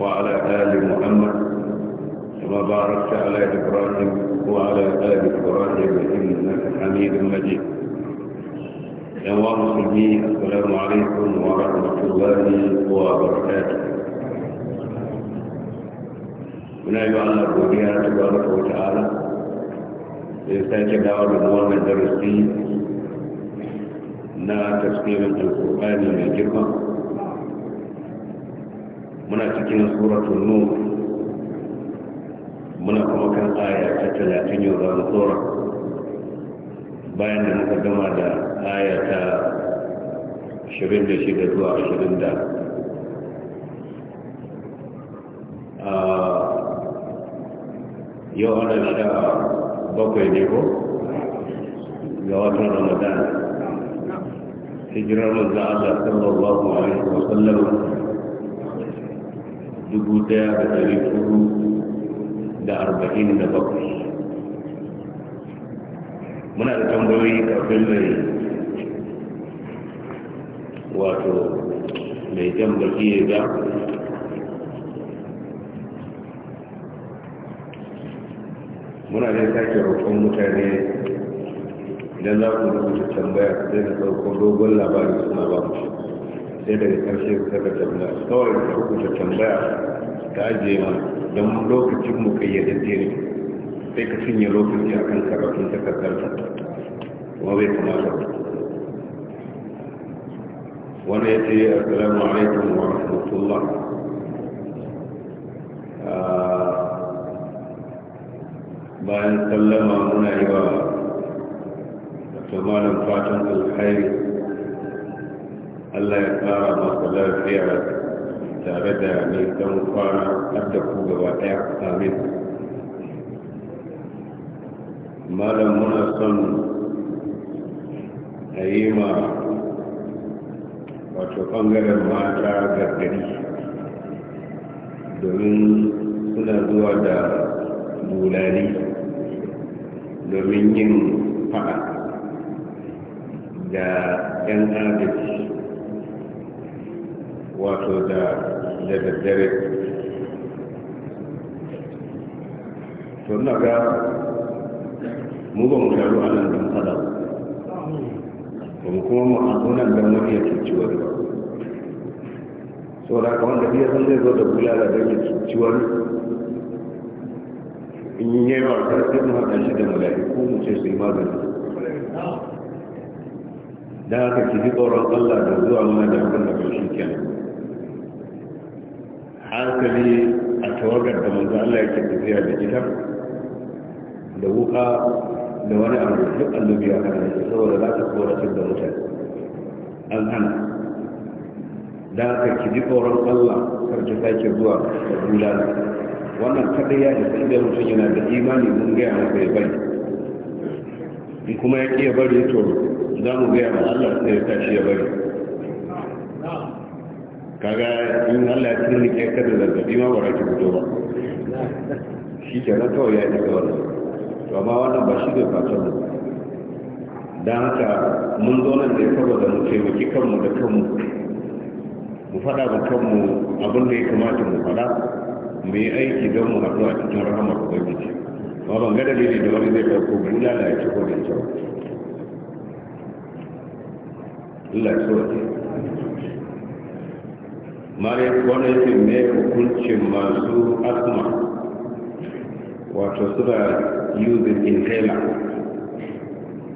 وعلى آل محمد كما باركت على إبراهيم وعلى آل إبراهيم إنك حميد مجيد يا مسلمين السلام عليكم ورحمة الله وبركاته من yi wa Allah godiya ta baraka wa ta'ala da ya sake dawo da wannan darasi na tafsirin alkur'ani mai girma muna cikin suratul nur muna kuma kan aya ta talatin yau za tsora bayan da muka gama da aya ta ashirin da shida zuwa ashirin da yau ana sha bakwai ne ko ga watan ramadan hijirar manzan Allah sallallahu alaihi wasallam dubu daya da dari hudu da arba'in da bakwai muna da tambayoyi kafin mai wato mai jan baki ya ga muna da sake roƙon mutane idan za ku rubuta tambaya sai na ɗauko dogon labari suna ba mu shi sai daga ƙarshe su saka tambaya kawai da ta tambaya ta ajiye ma don lokacin mu kayyadadde ne sai ka cinye lokaci a kan karatun takardar kuma bai kamata ba wani ya ce a assalamu alaikum wa rahmatullah ah, bayan sallama muna yi wa malam fatan alkhairi Allah ya fara masa lafiya tare da nisan kwana har da ku gaba ɗaya amin malam muna son a yi ma wato ɓangaren mata gargadi domin suna zuwa da bulani domin yin fa'a da 'yan agaji wato da da daddare to na ga mu ba mu taru a nan don fada ba mu kuma mu haɗu nan don wani ya cuci wani ba saboda haka wanda biya sun zai zo da bulala don ya cuci wani in yi yawa karfin mu haɗa shi da ko mu ce su yi magani da haka ki ji tsoron Allah da zuwa mana da abin da bai shi kenan hankali a tawagar da manzo Allah yake tafiya da ita da wuka da wani abu duk annabi ya kana da saboda za ta tsoratar da mutane an hana da ka ki ji tsoron Allah kar ki sake zuwa da dula wannan kadai ya isa idan mutum yana da imani mun gaya masa ya bari in kuma ya ki ya bari to za mu gaya ma Allah sai ya tashi ya bari kaga in Allah ya turnike ka da zazzabi ma ba ki fito ba shi ke na kawai ya yi kawai wannan to amma wannan ba shi da fatan mu dan haka mun zo nan ne saboda mu taimaki kanmu da kanmu mu faɗa mu kanmu abin da ya kamata mu faɗa mu yi aiki don mu haɗu a cikin rahamar ubangiji ba ban ga dalili da wani zai ɗauko mu lalace ko da ita Allah ya so mara ya kone yake mai hukuncin masu asma wato suna using inhaler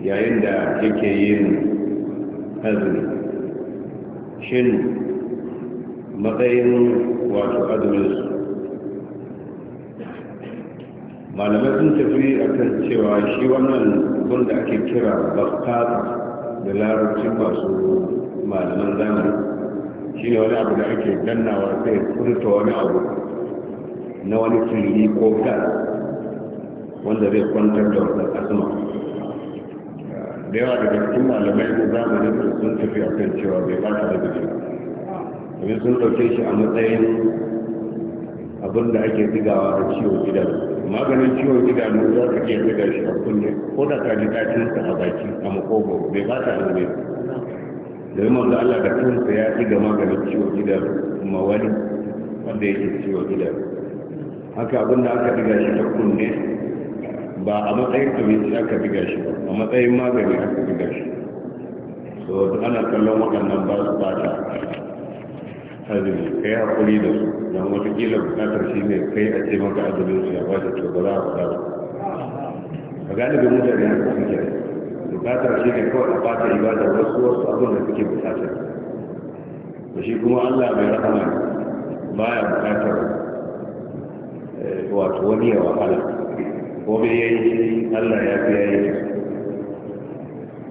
yayin da yake yin azumi shin matsayin wato su. malamai sun tafi a kan cewa shi wannan wanda ake kira bakata da larabci masu malaman zamani shi ne wani abu da ake dannawa sai furta wani abu na wani fili ko gas wanda zai kwantar da wasan asma da yawa daga cikin malamai na zamani da sun tafi a kan cewa bai fata da gudu domin sun ɗauke shi a matsayin abin da ake zigawa a ciwon gidan maganin ciwon gidan za ka iya diga shi a kunne ko da ka ji dacinsa a baki a makogo bai fata da gudu da yamma da Allah da kansa ya ci gama ga ciwo gidan mawali wanda yake ciwo gidan haka abin da aka diga shi ta kunne ba a matsayin abinci aka diga shi ba a matsayin magani aka diga shi so ana kallon waɗannan ba su bata azumi kai hakuri da su don watakila bukatar shi ne kai a ce maka azumin su ya ba shi to ba za a faɗa ba a galibin mutane haka suke bukatar shi ne kawai a bata ibada wasu wasu abin da suke bukatar da shi kuma allah mai rahama baya bukatar eh, wato wani ya wahala ko mai yayi shi allah ya fi yayi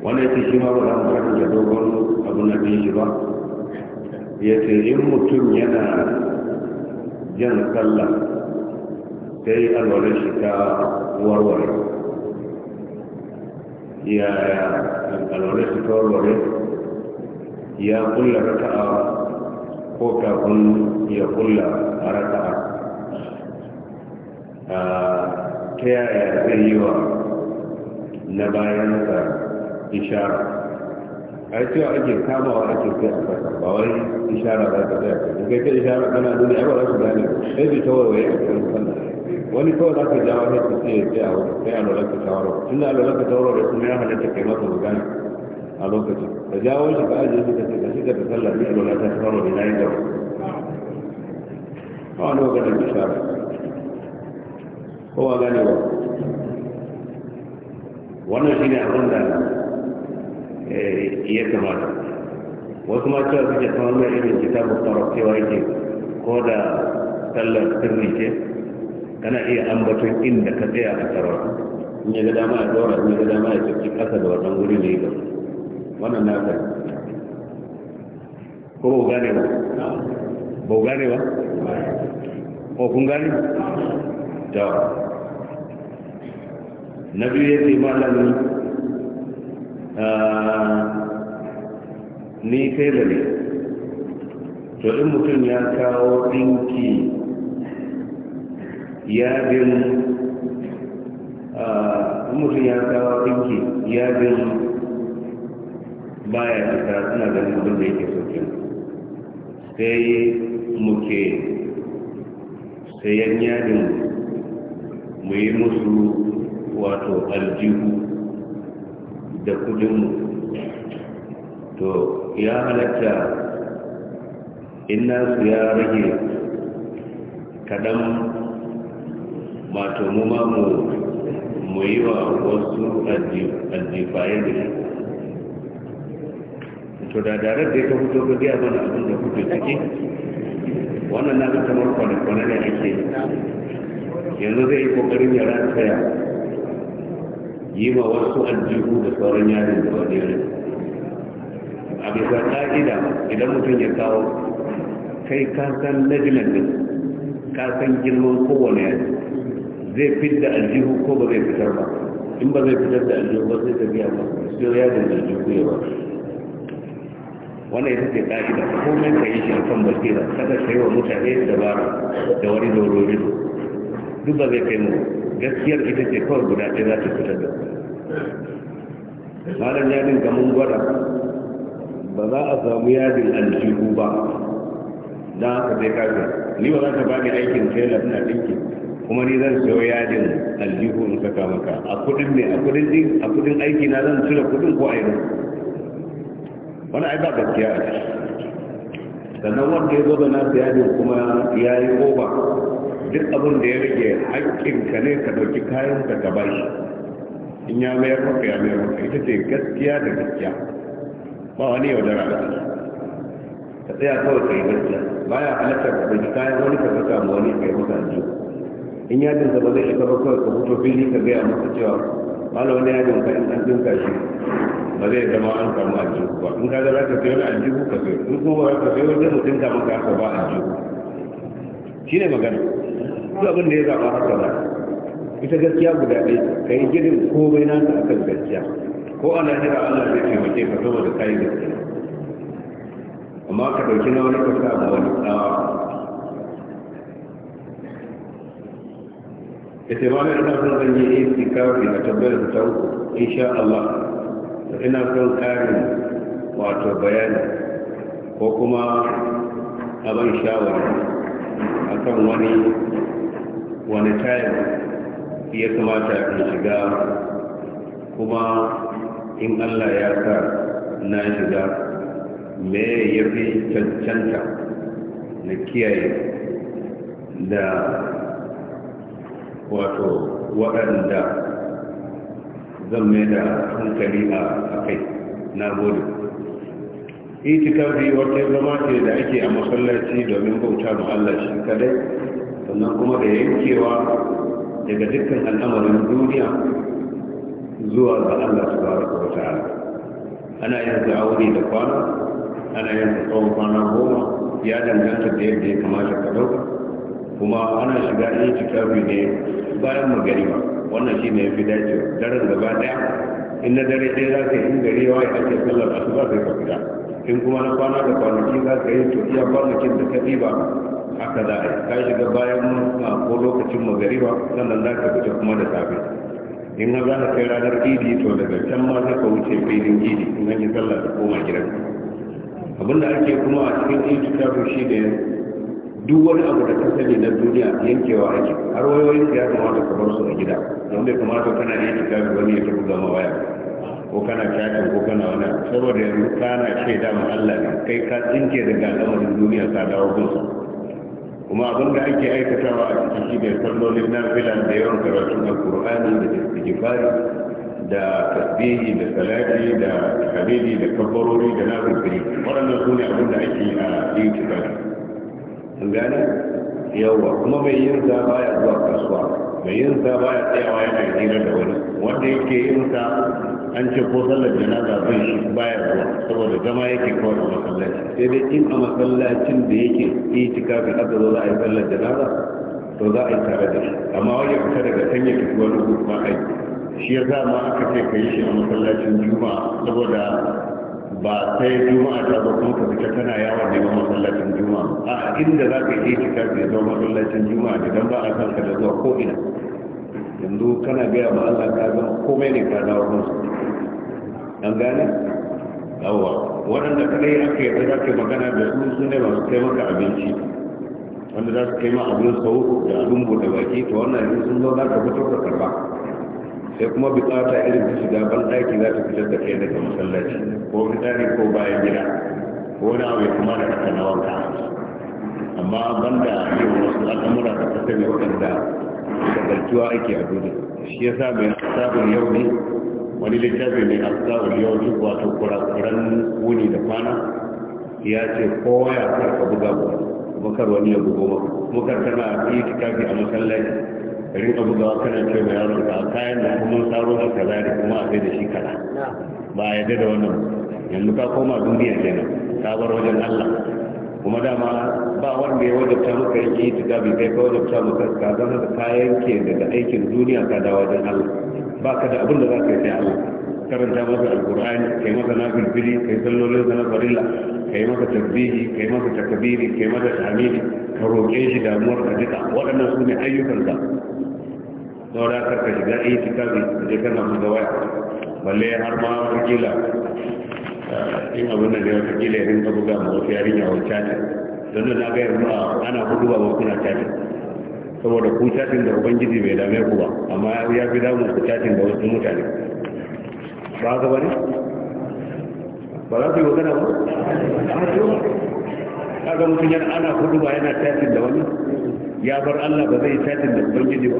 wannan yake shi ma ba za mu karfi da dogon abin da bin shi ba ya ce in mutum yana jan sallah sai alwalar shi ta warware yaya alwale su kawarware ya kulla raka'a ko kafin ya kulla a raka'a ta yaya zai na bayan ishara a cewa ake ake kai a kasa ba wai ishara za ta zai a kai ta ishara tana duniya ba za su gane sai bi ta warware a kan sannan wani kawai za ka jawo ne su ce sai a wani sai a lura ka shawara tun da a lura ka shawara da kuma ya halatta kai masa magana a lokacin ka jawo shi ka ajiye shi ka ce ka shiga ta sallah ne a lura ka shawara ne na yi gaba a wani wakilin bishara kowa gane ba wannan shi ne abin da ya kamata wasu ma cewa suke kamar mai irin kitabun tsarar cewa yake ko da sallar sirri ce kana iya ambaton inda ka tsaya a tsaro in ya ga dama ya tsora in ya ga dama ya tafi kasa da wannan wuri ne ba wannan na ka ko ba gane ba ba gane ba ko kun gane da nabi ya ce malami ah, ni kai da ne to in mutum ya kawo ɗinki yabin ah, mutum ya kawo ɗinki yabin baya fita suna ganin abin da yake sokin sai muke sayan yadin mu yi musu wato aljihu da kudinmu to ya halatta in nasu ya rage kaɗan wato mu ma mu mu yi wa wasu addifaye da shi to da darar da ta fito ga biya mana abin da kuke ciki wannan na kamar kwana kwana ne ake yanzu zai yi kokarin ya rataya yi ma wasu aljihu da sauran yarin da wani Abin a bisa ka'ida idan mutum ya kawo kai ka san najilan ka san girman kowane yaji zai fidda aljihu ko ba zai fitar ba in ba zai fitar da aljihu ba zai tafiya ba sai ya da aljihu ya ba wannan ita ce ka'ida komai ka yi shi a kan basira kada ka yi wa mutane da ba da wani dorori duk ba zai kai mu gaskiyar ita ce kawai guda ɗaya za ta fitar da malam yadin ga mun gwada ba za a samu yadin aljihu ba da haka zai kafin ni ba za ta ba ni aikin tela ina ɗinki kuma ni zan siyo yadin aljihu in saka maka a kudin ne a kudin din a kudin aiki na zan cire kudin ko ayi wani ai ba gaskiya sannan wanda ya zo da nasu yadin kuma ya yi oba duk abin da ya rage ka ne ka ɗauki kayan ka ka bai in ya mayar maka ya mayar maka ita ce gaskiya da gaskiya ba wani yaudara da ka tsaya kawai ka yi gaskiya baya halatta ka ɗauki kayan wani ka saka ma wani ka yi maka aljihu in ya da ba zai shiga bakwai ka mutu fili ka gaya masa cewa malam wani yadin ka in an dinka shi ba zai zama an samu aljihu ba in kaga za ka sayo na aljihu ka sayo in kuma ba ka sayo zai mutum ka maka haka ba aljihu shi ne magana su abin da ya zaɓa haka ba ita gaskiya guda ɗaya ka yi gidan komai na ta akan gaskiya ko ana lahira Allah zai taimake ka saboda kai gaskiya amma ka ɗauki na wani kasa a wani tsawa ita ma mami ina son zan yi istikafi a tambayar da ta uku insha Allah ina son karin wato bayani ko kuma abin shawara a kan wani wani tayin ya kamata in shiga kuma in Allah ya sa na shiga me ya fi cancanta na kiyaye da wato waɗanda zan mai da hankali a kai na gode kafi wata zama ce da ake a masallaci domin bauta ma Allah shi kadai sannan kuma da yankewa daga dukkan al'amarin duniya zuwa ga Allah subhanahu wa ta'ala ana yin aure da kwana ana yin tsawon kwana goma ya danganta da yadda ya kamata ka dauka kuma ana shiga itikafi ne bayan magari ba wannan shi ne ya fi dace daren gaba daya in na dare ɗaya za ka yi in gari yawa ya ake sallar ba sai ka fita in kuma na kwana da kwanaki za ka yi to iya kwanakin da ka ba. haka za a yi ka shiga bayan a ko lokacin magari ba sannan za ka fita kuma da safe in na za ka kai ranar idi to daga can ma za ka wuce filin idi in an yi sallar da koma gidan abinda ake kuma a cikin itikafi shi ne duk wani abu da ka sani na duniya yankewa ake har wayoyin ya kamata ka bar su a gida don bai kamata kana yin kitabi wani ya tafi zama waya ko kana chatin ko kana wani saboda yanzu kana shaida ma Allah ne kai ka tsinke daga al'amarin duniya ka dawo gunsa kuma abin da ake aikatawa a cikin shi ne sallolin filan da yawan karatun kur'ani da istighfari da tasbihi da salati da halili da kabbarori da nafil waɗannan su ne abin da ake yi a yin kitabi an gane yawa kuma mai yin sa baya zuwa kasuwa mai yin sa baya tsayawa yana hira da wani wanda yake yin sa an ce ko sallar janaza zai shi baya zuwa saboda zama yake kawai a masallaci sai dai in a masallacin da yake itika ga aka zo za a yi sallar janaza to za a yi tare da shi amma wani fita daga can ya tafi wani kuma aiki shi ya sa ma aka ce ka yi shi a masallacin juma'a saboda ba sai juma'a ta zo kuma ka fita tana yawon neman masallacin juma'a a inda za ka yi shiga ka zo masallacin juma'a idan ba a san ka da zuwa ko ina yanzu kana gaya ma Allah ka ga komai ne ka dawo musu an gane yawwa waɗanda kadai aka yi za ka magana da su su ne masu kai maka abinci wanda za su kai ma abin sau da abin bude baki to wannan yanzu sun zo za ka fito ka karba sai kuma bukata irin ta shiga ban aiki za ta fitar da kai daga masallaci ko fitari ko bayan gida ko wani abu kuma da haka na wanka amma banda yin wasu al'amura da kasar ne da shagaltuwa ake a duniya shi ya sa mai asabin yau ne wani littafi mai asabin yau ne wato kurakuran wuni da kwana ya ce kowa ya karka buga ba kuma kar wani ya bugo maka kuma kar kana yi tikafi a masallaci rin buga wa kanan ce mai yaro ka kayan da kuma saro da kaza da kuma a da shi kaza ba a yadda da wannan yanzu ka koma duniya kenan ka bar wajen Allah kuma dama ba wanda ya wajabta maka yake ta gabi kai ka wajabta muka ka zama da kayan ke daga aikin duniya ka da wajen Allah ba ka da abin da za ka yi sai Allah karanta masa alkur'ani kai masa nafilfili kai sallolin sa na farilla kai masa tasbihi kai masa takabiri kai masa tahmidi ka roƙe shi damuwar ka duka waɗannan su ne ayyukan ka saura karka shiga itikafi da kana buga waya balle har ma wakila eh, in abin da ne wakila ya rinka buga ma wasu yarinya wa chatin don da na ga yanzu ana hudu ba kuna chatin saboda ku chatin da ubangiji bai dame ku ba amma ya fi damu ku chatin da wasu mutane ba ga bane ba za ku yi magana ba a cikin kaga mutum yana ana hudu ba yana chatin da wani ya bar allah ba zai chatin da ubangiji ba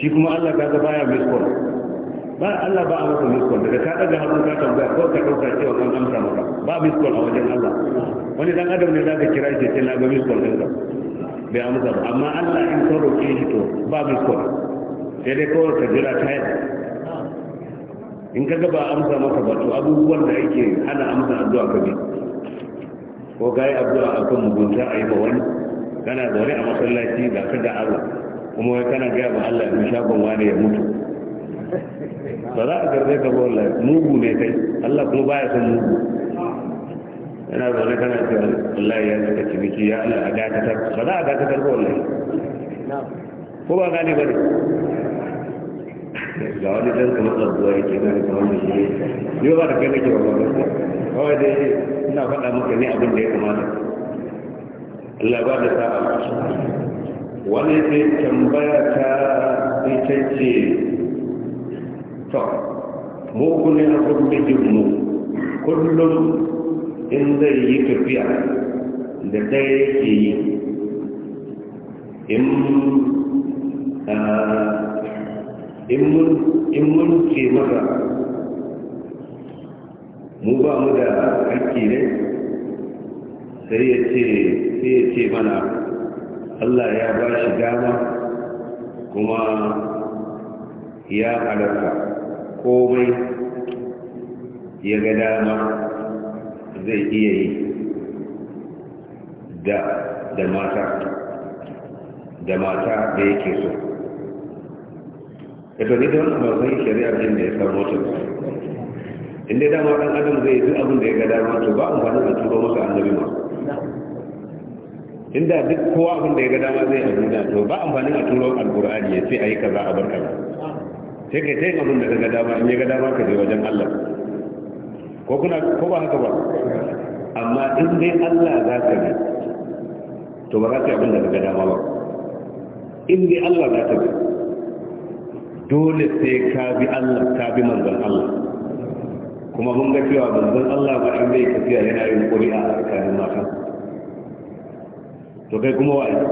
shi kuma Allah ka ga baya miss call ba Allah ba a masa miss daga ka daga hannu ka tambaya ko ka dauka cewa kan amsa maka ba miss call a wajen Allah wani dan adam ne zaka kira shi ce na ga miss din ka bai amsa ba amma Allah in ka roke shi to ba miss call sai dai ko ka jira yi in ka ga ba amsa maka ba to abubuwan da yake hana amsa addu'a ka bi ko ga yi addu'a akan mugunta a yi ba wani kana wani a masallaci ga ka da Allah kuma wai kana gaya ba Allah ya shagon wani ya mutu ba za a garbe ka ba wallahi mugu ne kai Allah kuma baya son mugu yana zaune kana cewa wallahi ya saka ciniki ya Allah a dakatar ba za a dakatar ba wallahi ko ba gane ba ne ga wani ɗan kamar tsabuwa yake na da kamar mai shi ne ba da kai nake ba ba kawai dai ina faɗa maka ne abin da ya kamata Allah ba da sa'a wani zai tambaya ta ita ce to mugunin mu kullum in zai yi tafiya da ɗaya yake yi in mun ce maka mu ba mu da hakki ne sai ya ce mana Allah ya ba shi dama kuma ya halatta komai ya ga dama zai iya yi da da mata da mata da yake so ya tafi da wani mafi shari'ar jin da ya samu mutum inda dama ɗan adam zai yi duk abin da ya ga dama to ba mafi da tuba masa annabi masu inda duk kowa abin da ya ga dama zai abuja to ba amfanin a turo alkur'ani ya ce a yi kaza a bar ba sai kai yi abin da ka ga dama in ya ga dama ka je wajen allah ko kuna ko ba haka ba amma in dai allah za ka bi to ba za ka yi abin da ka ga dama ba in dai allah za ka bi dole sai ka bi allah ka bi manzon allah kuma mun ga cewa manzon allah ba in zai tafiya yana yin ƙuri'a a tsakanin mata to kai kuma wa'azi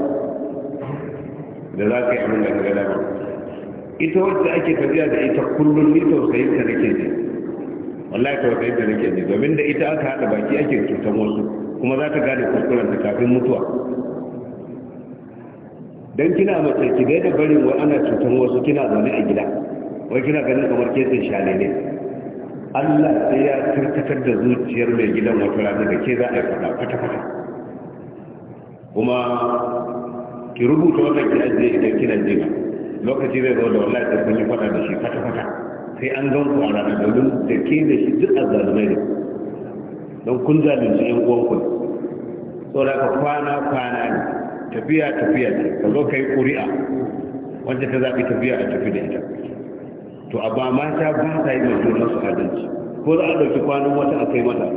da za ka yi abin da ka dama ita wacce ake tafiya da ita kullum ni tausayin ta nake ji wallahi tausayin ta nake ji domin da ita aka haɗa baki ake cutar wasu kuma za ta gane kuskuren ta kafin mutuwa dan kina mace ki da barin wai ana cutar wasu kina zaune a gida wai kina ganin kamar kesin shale ne Allah sai ya tarkatar da zuciyar mai gidan wata rana da ke za a yi fata fata fata kuma ki rubuta wata ki ajiye idan kina jira lokaci zai zo da wallahi da kun yi fada da shi fata-fata sai an gan ku a da domin da ke da shi duk azzalumai ne don kun zalunci yan uwan ku da ka kwana kwana ne tafiya tafiya ne ka zo kai ƙuri'a wanda ta zaɓi tafiya a tafi da ita to a ba ta ba ta yi mai junan su adalci ko za a ɗauki kwanan wata a kai mata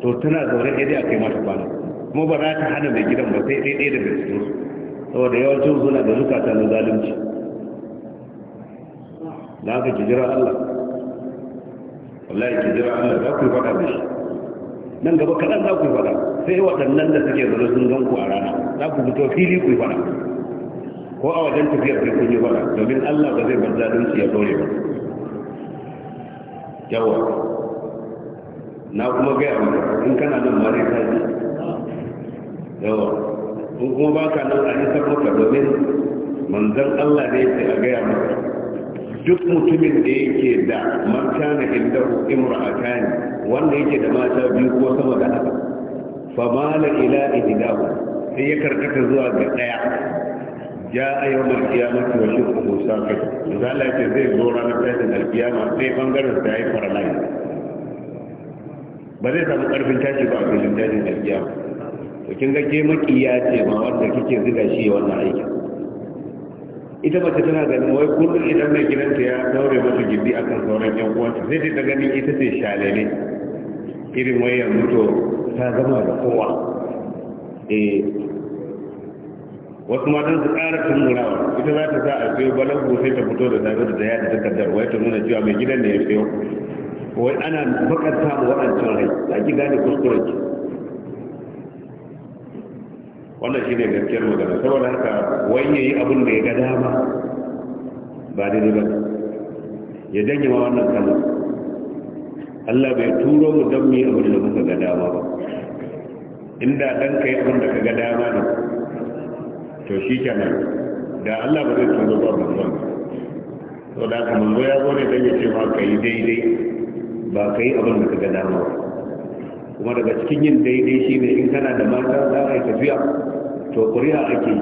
to tana zaune ɗaya a kai mata kwanan kuma ba za ta hana mai gidan ba sai dai da daga cikin su saboda yawancin suna da zukata na zalunci na haka ki jira Allah wallahi ki jira Allah za ku yi faɗa da shi nan gaba kaɗan za ku yi faɗa sai waɗannan da suke zaune sun gan ku a rana za ku fito fili ku yi faɗa ko a wajen tafiyar kai kun yi faɗa domin Allah ba zai bar zalunci ya ɗore ba yawa na kuma gaya maka in kana nan mare ta ji yawa in kuma ba ka nan a isar maka domin manzan Allah ne ke a gaya maka duk mutumin da yake da mata na inda imra'ata ne wanda yake da mata biyu ko sama da haka fa ma mala ila ihdahu sai ya karkata zuwa ga daya ya a yau mai kiyama wa shi ko sa kai ce zai zo ranar tashin alkiyama sai bangaren sa yayi faralai ba zai samu karfin tashi ba a filin tashin alkiyama to kin ga ke makiya ce ma wanda kike zuga shi wannan aikin ita mace tana ganin wai kullum idan mai gidanta ya daure mata gindi akan sauran yan uwanta sai ta gani ita ce shalele irin ya mutu ta zama da kowa eh wasu matan su ƙara murawa, ita za ta sa a sayo balangu sai ta fito da zaɓe da zaya da takardar wai ta nuna cewa mai gidan ne ya fiye wai ana bakar samu waɗancan rai a ki gane kuskuren ki wannan shine gaskiyar magana saboda haka wai yayi abin da ya ga dama ba daidai ba ya danye ma wannan kallon Allah bai turo mu dan mu yi abin da muka ga dama ba inda dan kai abin da ka ga dama ne to shi kenan da Allah ba zai turo ba ba to da haka ya zo ne dan ya ce ma kai daidai ba kai abin da ka ga dama ba kuma daga cikin yin daidai shi ne in kana da mata za a yi tafiya to kuri'a ake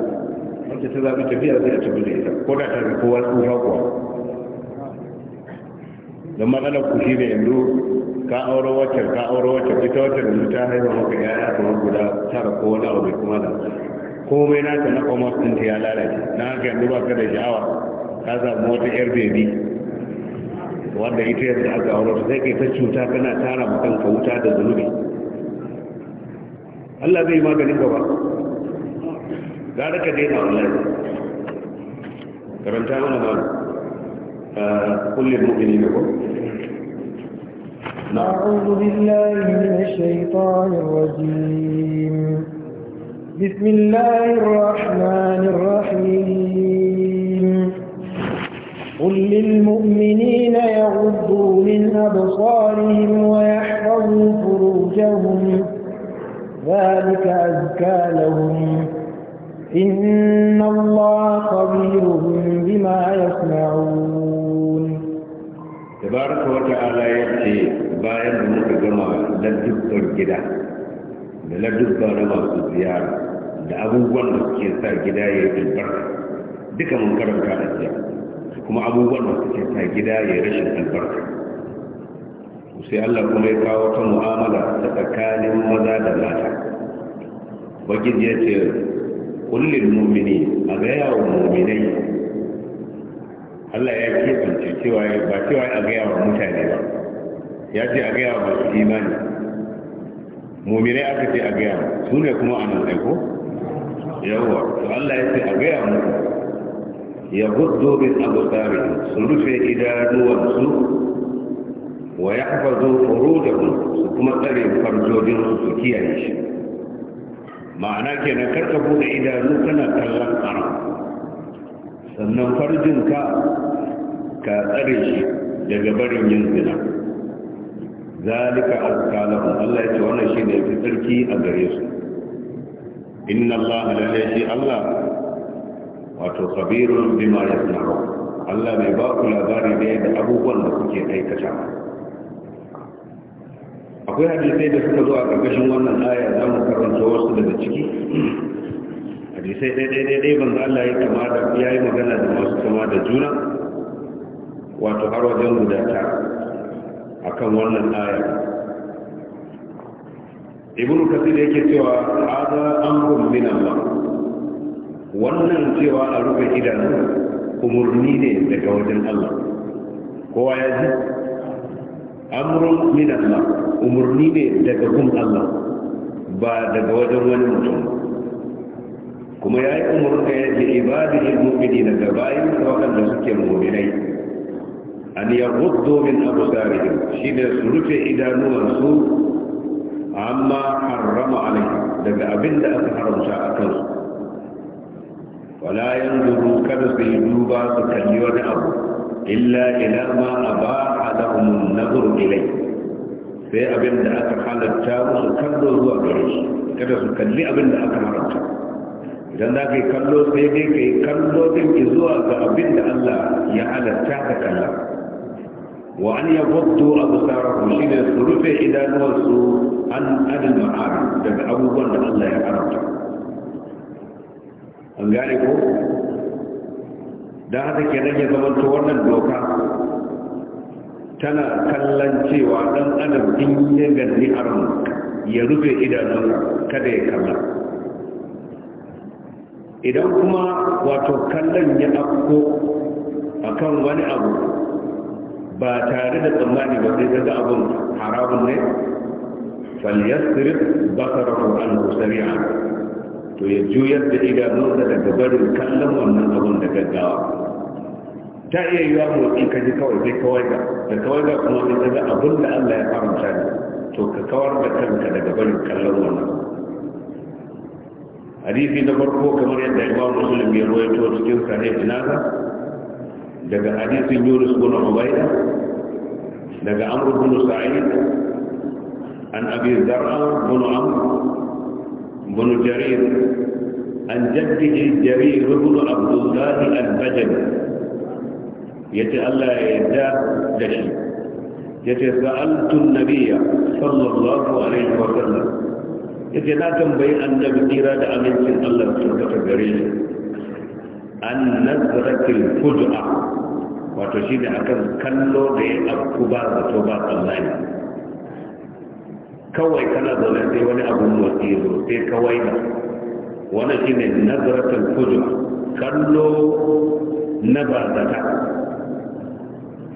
wacce ta zaɓi tafiya zai a cikin da ita ko da ta ga kowa tsufa kuwa don matsalar ku shi ne yanzu ka auro wacce ka auro wacce ita wacce da ta haifa maka yaya kamar guda tara ko wani abu kuma da komai na ta na kuma sun ta ya lalace na haka yanzu ba ka da sha'awa ka samu wata yar bebi wanda ita yadda aka aure ta sai kai ta cuta kana tara mutan ka wuta da zunubi Allah zai maganin gaba gara ka daina wallahi karanta mana ba ah, kullum mu'mini ne ko أعوذ بالله من الشيطان الرجيم بسم الله الرحمن الرحيم قل للمؤمنين يغضوا من أبصارهم ويحفظوا فروجهم ذلك أزكى لهم إن الله خبير بما يصنعون تبارك وتعالى يأتي باين المتجمع للدكتور جدا للدكتور ما زيارة da abubuwan da suke sa gida ya yi albarka duka mun karanta a jiya kuma abubuwan da suke sa gida ya rashin albarka sai Allah kuma ya kawo ta mu'amala ta tsakanin maza da mata Wajen ya ce kullum mummini a gaya wa mumminai Allah ya keɓance cewa ba cewa a gaya wa mutane ba ya ce a gaya wa masu imani mumminai aka ce a gaya su ne kuma a nan aiko yawwa to Allah ya ce a gaya muku ya gudu bin abu tsari su rufe idanuwansu wa ya hafazo furujahum su kuma tsare farjojin su kiyaye shi ma'ana kenan karka bude idanu kana kallon haram sannan farjin ka ka tsare shi daga barin yin zina zalika azkalahum Allah ya ce wannan shine fi tsarki a gare su inna Allah lalle shi Allah wato khabirun bima yasna'u Allah mai ba ku labari da yadda abubuwan da kuke aikata akwai hadisai da suka zo a ƙarƙashin wannan aya za mu karanta wasu daga ciki hadisai ɗaiɗaiɗaiɗai banza Allah ya kama da ya yi magana da masu kama da juna wato har wajen guda ta a kan wannan aya ibn kasir yake cewa aza amrun min Allah wannan cewa a rufe idanu umarni ne daga wajen Allah kowa ya ji amurin minan Allah umarni ne daga gun Allah ba daga wajen wani mutum kuma ya yi umarni ya ce ibadin ilmumini na gabayin da suke muminai an ya gudu min abu tsarihin shi ne su rufe idanuwansu amma harrama alai daga abin da aka haramta a kansu wala yanzu kada su yi duba su kalli wani abu illa ila ma a ba a da umarnin nazar sai abin da aka halatta musu kallo zuwa gare shi kada su kalli abin da aka haramta idan za ka yi kallo sai dai ka yi kallo din ki zuwa ga abin da Allah ya halatta ka kalla wa an ya gwabto a busararku shi ne su rufe idanuwarsu an adil ma'ara daga abubuwan da Allah ya haramta an gane ko don haka kenan ya zama wannan doka tana kallon cewa ɗan adam in ya ganni armu ya rufe idanun kada ya kama idan kuma wato kallon ya afko akan wani abu ba tare da tsammani ba sai daga abun haramun ne falyasrif basarahu an sari'a to ya juyar da idanunsa daga barin kallon wannan abun da gaggawa ta iya yiwa motsi ka ji kawai sai kawai ga da kawai ga kuma in ka ga abin da Allah ya haramta ne to ka kawar da kanka daga barin kallon wannan hadisi na farko kamar yadda imam muslim ya rawaito cikin sahih nasa daga hadisin yunus bin ubayda daga amr bin sa'id an abi zar'a bin amr bin jarir an jaddihi jarir bin abdullah al-bajali yace Allah ya yarda da shi yace sa'altu nabiyya sallallahu alaihi wa sallam yace na tambayi annabi tsira da amincin Allah sun tafi gare shi an nazratil fuj'a wato shi da akan kallo da ya afku ba zato ba tsammani kawai kana zaune sai wani abun motsi zo sai kawai da wani shi ne nazaratul fujur kallo na bazata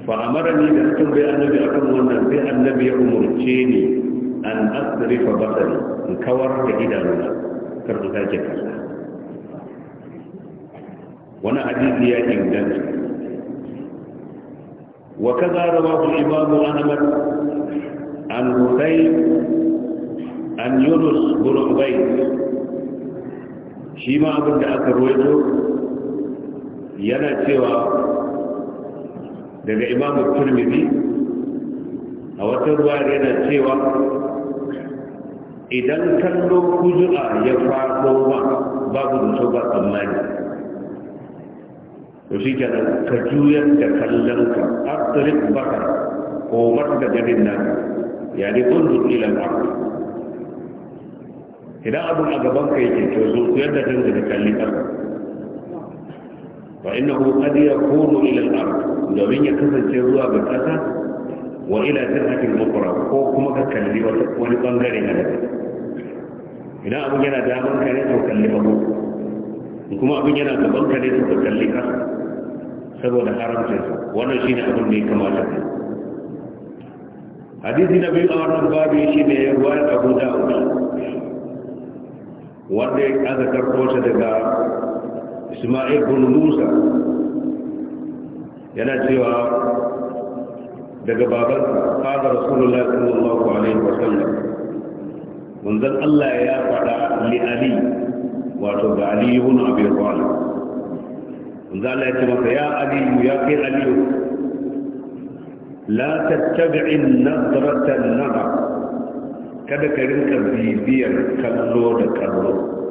fa amara ni da tun bai annabi akan wannan sai annabi ya umarce ni an asrifa basari in kawar da idanuna kar in sake kalla wani hadisi ya inganta wa kaza rawahu imam ahmad an husayn an yunus bin ubayd shi ma abin da aka ruwaito yana cewa daga imam turmidi a wata ruwa yana cewa idan kallo kuzu'a ya faɗo ba babu mutu ba tsammani to shi nan ka juyar da kallonka artirik baka komar da ganin nan ya ne kundu ilan ba idan abin a gaban ka yake to zo yadda dangane kalli ka. fa innahu qad yakunu ila al-ard domin ya kasance zuwa ga kasa wa ila jirhatil ukhra ko kuma ka kalli wata wani bangare na daga idan abin yana daman ka ne to kalli abu kuma abin yana gaban ka ne to ka kalli ka saboda haramcin wannan shine abin da ya kamata hadisi na biyu a wannan babu shi ne ruwayar abu da'ud wanda aka karɓo shi daga اسماعيل بن موسى ينزلها بقبابا قال رسول الله صلى الله عليه وسلم منزل الله يا فتى لعلي وأتوب علي بن أبي طالب منزل الله يتمنى يا علي يا كي علي لا تتبع النظرة النظر كذا كذا كذا كذا كذا كذا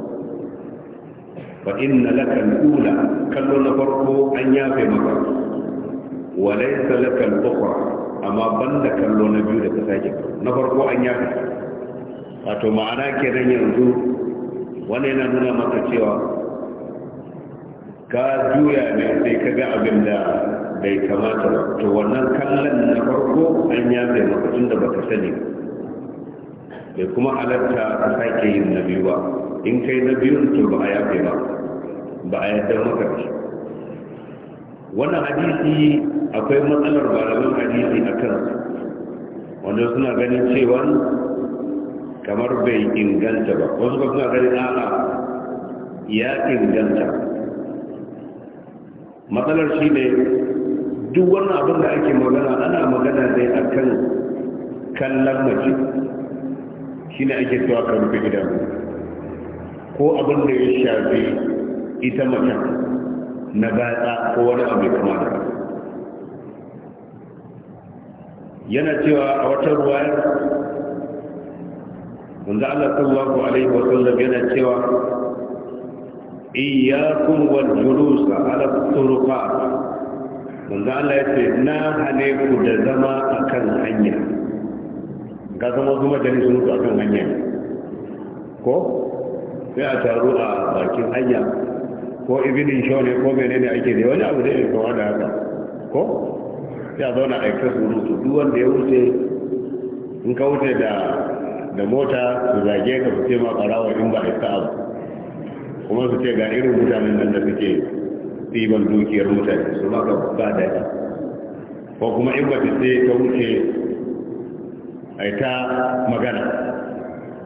fa inna laka al-ula kallo na farko an yafe maka wa laysa laka al-ukhra amma banda kallo na biyu da ka sake na farko an yafe wato ma'ana kenan yanzu wani yana nuna maka cewa ka juya ne sai ka ga abin da bai kamata ba to wannan kallon na farko an yafe maka tunda baka sani ba bai kuma halatta a sake yin na biyu ba in kai na biyun to ba a yafe ba ba a yadda maka shi wannan hadisi akwai matsalar malaman hadisi a kan wanda suna ganin cewa kamar bai inganta ba wasu ba suna ganin a'a ya inganta matsalar shi ne duk wannan abin da ake magana ana magana ne akan kallon mace shi ne ake zuwa kan rufe idanu ko abin da ya shafi ita mata na batsa ko wani abu kama da yana cewa a wata ruwayar wanda Allah sallallahu alaihi wa sallam yana cewa iyyakum wal julus ala turuqat wanda Allah ya ce na hane ku da zama akan hanya ga zama wasu mutane sun mutu kan hanya ko sai a taru a bakin hanya ko ibinin shaw ne ko ne ake ne wani abu da ya kawo da haka ko sai a zauna a ikas kasu mutu duk wanda ya wuce in ka wuce da da mota su zage ka su ce ma barawa in ba a abu kuma su ce ga irin mutanen nan da suke ɗiban dukiyar mutane su maka ba daji ko kuma in ba ta sai ta wuce a ta magana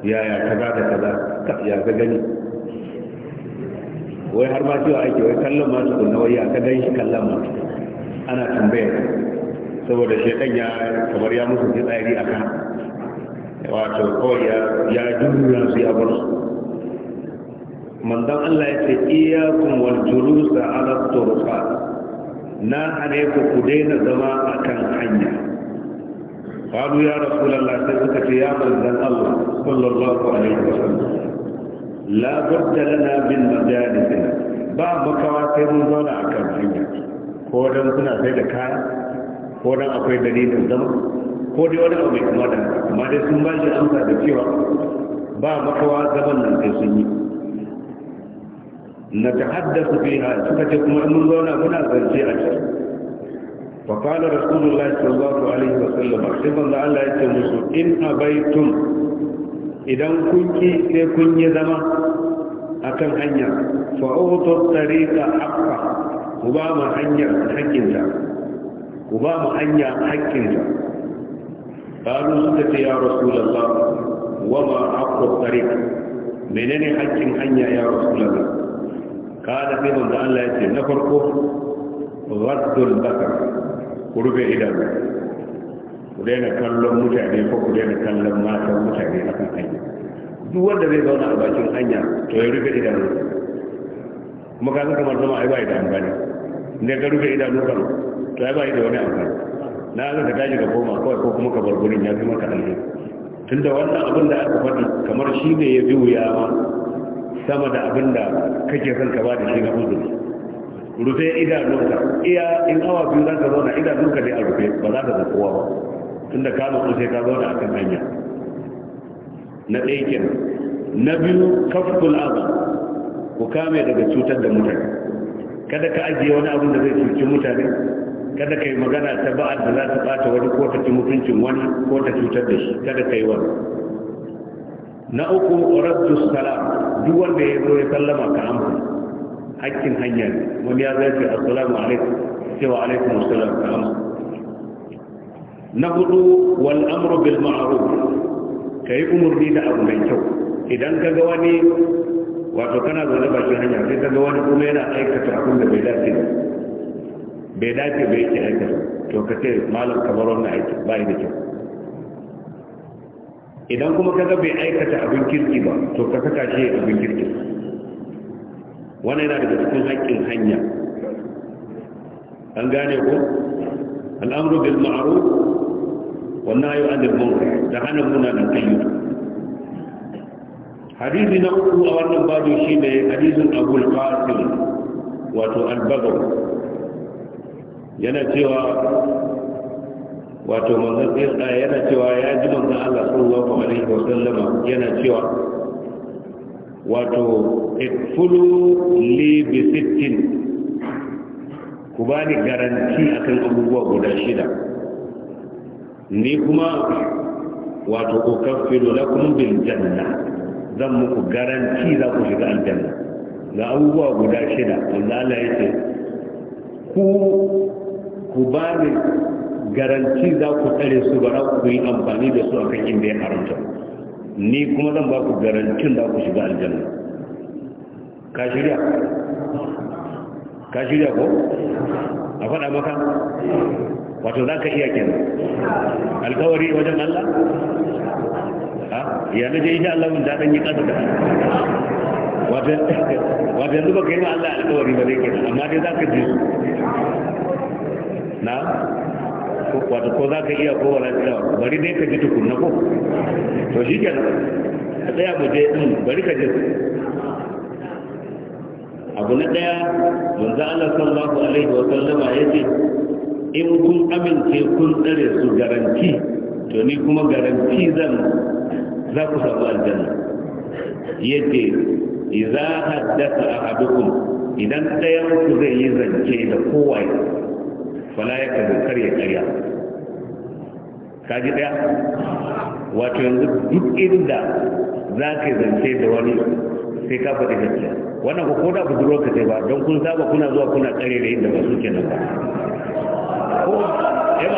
yaya kaza da kaza ya ga gani wai har ma wa aiki wai kallon ma su wai ya ka gani shi kallon ma ana tambaya saboda shekan ya kamar ya musu fitsari a kan wato kawai ya juriya su ya bar su manzon Allah ya ce iyakun wal julusa ala turfa na hane ku ku daina zama akan hanya قالوا يا رسول الله سيدك يا منزل الله صلى الله عليه وسلم لا بد لنا من مجالس بعض كواتب زونا أكم فينا كودن سنة سيدة كان كودن أكوي دليل الزمن كودي ودن أمي كمادا ما دي سنبال دي أمسا دي بعض كواتب زمن نتسيني نتحدث فيها سكتكم أمون زونا هنا زنسي أجل faƙalar rasulun lafiya za su alihi wasallama sai banza allah ya ce musu in abaitun idan kunki sai kun yi zama a kan hanya fa'otar tariƙa haka ku ba mu hanyar haƙƙinta ku ba mu hanya haƙƙinta ƙarun suka ce ya rasulun ba wa ba haƙƙo tariƙa menene haƙƙin hanya ya rasulun ba ka da sai banza allah ya ce na farko raddul basar ku rufe idanu ku daina kallon mutane ko ku daina kallon matan mutane a kan hanya duk wanda zai zauna a bakin hanya to ya rufe idanu kuma ka zaka mar zama ai bai da amfani ne ka rufe idanu kan to ai bai da wani amfani na ga ka tashi ka koma kawai ko kuma ka bar gurin ya fi maka alheri tunda wannan abin da aka faɗi kamar shi ne ya bi wuya ma sama da abin da kake son ka ba da shi na uzuri rufe idanunka iya in awa biyu za ka zauna idanunka ne a rufe ba za ka ga kowa ba tunda ka zo sai ka zauna akan hanya na ɗaya kenan na biyu kafkul aza ku kame daga cutar da mutane kada ka ajiye wani abin da zai cuci mutane kada ka yi magana ta ba'ad da za ta bata wani ko ta ci mutuncin wani ko ta cutar da shi kada ka yi wani na uku rabdus salam duk wanda ya zo ya sallama ka amsa hakkin hanya ne wani ya zai ce assalamu alaikum cewa alaikum assalam kama na hudu wal amru bil ma'ruf kai umurni da abu mai kyau idan ka ga wani wato kana zaune shi hanya sai ka ga wani kuma yana aikata abin da bai dace ba bai dace bai yake aikata to ka ce malam kamar wannan aiki ba da kyau idan kuma ka ga bai aikata abin kirki ba to ka saka shi abin kirki wani yana daga cikin haƙƙin hanya an gane ko al'amru bil ma'ruf wan nahyu anil munkar da hana muna da kayyuka. hadisi na uku a wannan babu shine hadisin Abu al-Qasim wato al-Baghawi yana cewa wato manzon yana cewa ya ji manzon Allah sallallahu alaihi wa sallama yana cewa wato ikfulu li bi sittin ku ba ni garanti akan abubuwa guda shida ni kuma wato ukaffiru lakum bil janna zan muku garanti za ku shiga aljanna ga abubuwa guda shida wanda Allah ya ce ku ku ba ni garanti za ku tsare su ba ku yi amfani da su akan inda ya haramta ni kuma zan ba ku garantin da ku shiga aljanna ka shirya ka shirya ko a faɗa maka wato za ka iya kenan alkawari wajen Allah ya naje insha Allah mun daɗin yi ƙasa da wato yanzu ba ka yi ma Allah alkawari ba zai kenan amma dai za ka ji na Wata ko za ka iya ko wala ta bari dai ka ji tukunna ko to shi ke ka tsaya mu je din mm, bari ka ji abu na daya manzo Allah sallallahu alaihi wa sallama ce, in kun amince kun tsare su garanti to ni kuma garanti zan za ku samu aljanna yace idza haddatha ahadukum idan ɗayan ku zai yi zance da kowa fala ya kaza kariya karya kaji daya wato yanzu duk inda za ka zance da wani sai ka faɗi gaskiya wannan ko da budurwar ka sai ba don kun saba kuna zuwa kuna tsare da inda ba su ke nan ba ko eh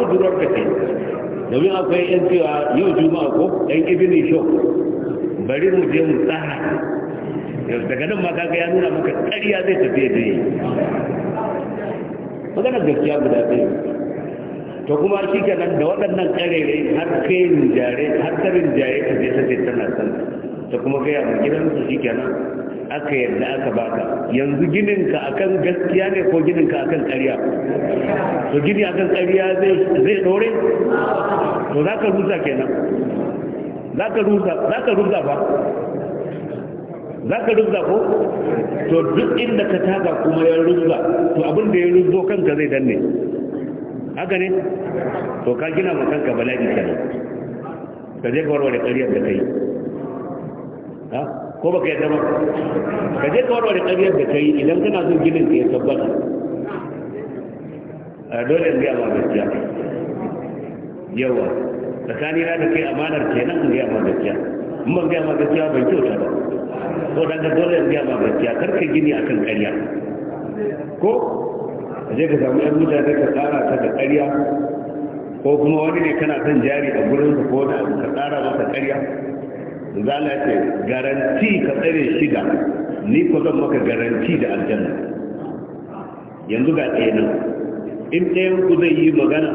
budurwar ka ce domin akwai yan cewa yau juma'a ko yan ibini show bari mu je mu tsara daga nan ma kaga ya nuna maka tsariya zai tafiye da yi magana gaskiya guda ɗaya to kuma shi kenan da waɗannan ƙarere har kai rinjare har ta rinjaye ta je ta ce tana san ta kuma a gidan su shi kenan aka yadda aka baka yanzu ka akan gaskiya ne ko ginin ka akan ƙarya to gini akan ƙarya zai dore to za ka rusa kenan za ka rusa za ka rusa ba za ka ko to duk inda ka taga kuma ya rusa, to abin da ya rusa kanka zai danne haka ne to ka gina ba kanka bala'i kenan ka je ka warware ƙariyar da kai ha ko baka yadda ba ka je ka warware ƙariyar da kai idan kana son ginin ka ya tabbata a dole ne ya ba gaskiya yawa tsakani na da kai amanar kenan in gaya ma gaskiya in ban gaya ma gaskiya ban kyauta ba ko dan da dole ne ya ma gaskiya kar ka gini akan ƙarya ko ka je ka samu yan mutane ka tsara ta da ƙarya ko kuma wani ne kana son jari a gurin ka ko da ka tsara masa ƙarya zala ce garanti ka tsare shida ni ko zan maka garanti da aljanna yanzu ga ɗaya nan in ɗayan ku zai yi magana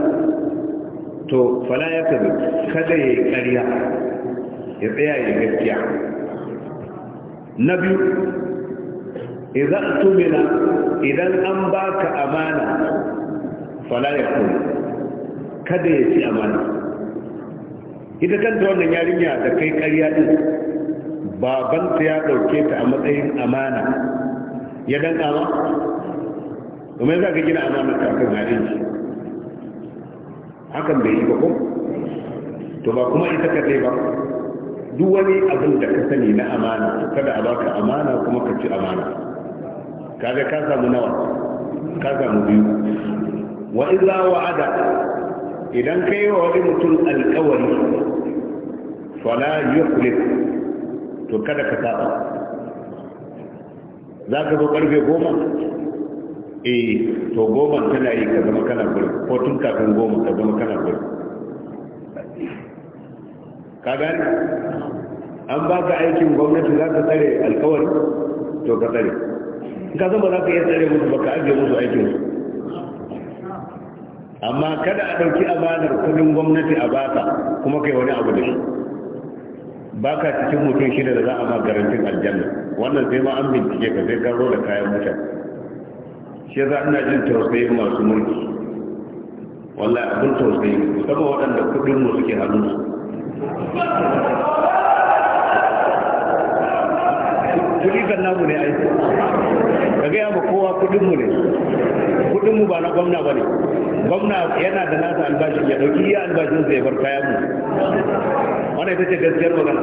to fala ya kaza kada ya yi ƙarya ya tsaya ya gaskiya na biyu idan tumina idan an baka amana fala ya kuma kada ya ci amana ita kanta wannan yarinya da kai karya din babanta ya dauke ta a matsayin amana ya dan ma kuma ya ka gina amana kafin halin shi hakan bai yi ba ko to ba kuma ita ka ba duk wani abin da ka sani na amana kada a baka amana kuma ka ci amana kaga ka samu nawa ka samu biyu wa iza wa'ada idan kai wa wani mutum alƙawari fala yukhlif to kada ka saba za ka zo karfe goma eh to goma tana yi ka zama kana gurin ko tun kafin goma ka zama kana gurin ka an ba ka aikin gwamnati za ka tsare alƙawari to ka tsare ka zama za ka yi tsare musu baka ajiye musu aikin su amma kada a ɗauki amanar kudin gwamnati a baka kuma kai wani abu da shi ba ka cikin mutum shida da za a ma garantin aljanna wannan sai ma an bincike ka sai karo da kayan mutum. shi za ina jin tausayin masu mulki wallahi abin tausayi musamman waɗanda kudin mu suke hannu. kudi namu ne ai ka gaya ma kowa kudinmu ne kudinmu ba na gwamna ba ne gwamna yana da nasa albashin ya dauki iya albashin zai bar kaya mu wanda ita ce gaskiyar magana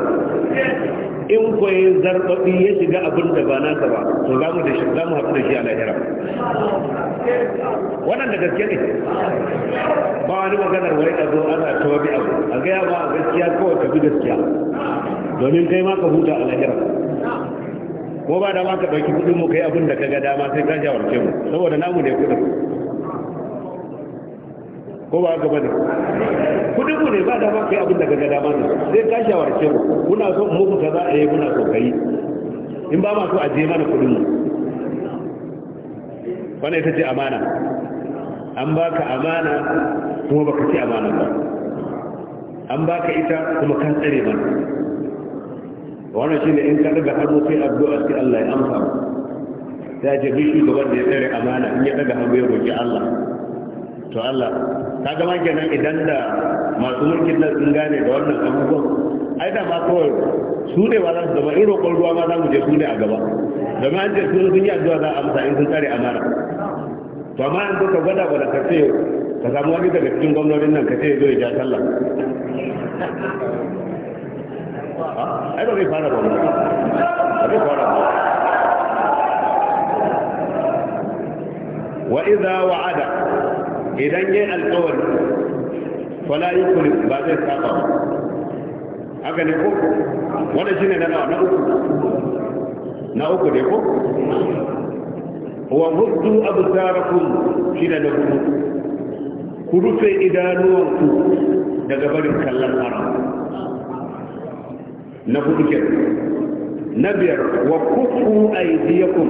in kwaye zarbabi ya shiga abin da ba nasa ba to za mu shi haɗu da shi a lahira wannan da gaske ne ba wani maganar wani a zo ana tawabi abu a gaya ba a gaskiya kawai ka bi gaskiya domin kai ma ka huta a lahira ko ba da ma ka ɗauki kuɗin mu kai abin da ka ga dama sai ka jawarce mu saboda namu ne kuɗin ko ba ga ne kuɗin mu ne ba da ma kai abin da ka ga dama sai ka jawarce mu muna so mu ku kaza eh muna so kai in ba ma so a je mana kuɗin mu wannan ita ce amana an baka amana kuma baka ci amana ba an baka ita kuma kan tsare mana wannan shine in ka daga hannu sai addu'a sai Allah ya amsa mu sai bi shi gaban da ya tsare amana in ya daga hannu ya roki Allah to Allah ka ga ma kenan idan da masu mulkin nan sun gane da wannan abubuwan ai da ma kawai su ne ba za su zama in roƙon ruwa ma za mu je su ne a gaba domin an ce su sun yi addu'a za a amsa in sun tsare amana to amma an zo ka gwada ba ka ce ka samu wani daga cikin gwamnonin nan ka ce ya zo ya ja sallah وإذا وعد إذا جاء القول فلا يكون بعد الثقة هكا نقول ولا شيء نقول نقول نقول هو مدوا أبصاركم شيء نقول كرسي إذا نورت دقبل الكلام الحرام na hudu ke na biyar wa kufu aidiyakum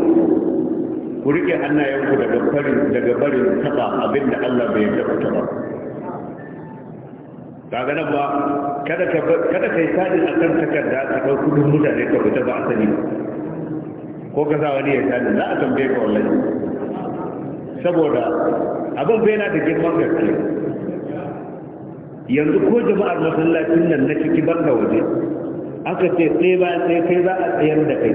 ku rike hannayenku daga barin daga barin taba abinda Allah bai yarda ku taba kaga nan ba kada ka kada kai sadin akan takarda ka dau kudin mutane ka fita ba asali ko ka sa wani ya sadin za a tambaye ka wallahi saboda abin bai na da girman gaske yanzu ko jama'ar masallacin nan na ciki ban waje aka ce tsaye ba sai kai za a tsayar da kai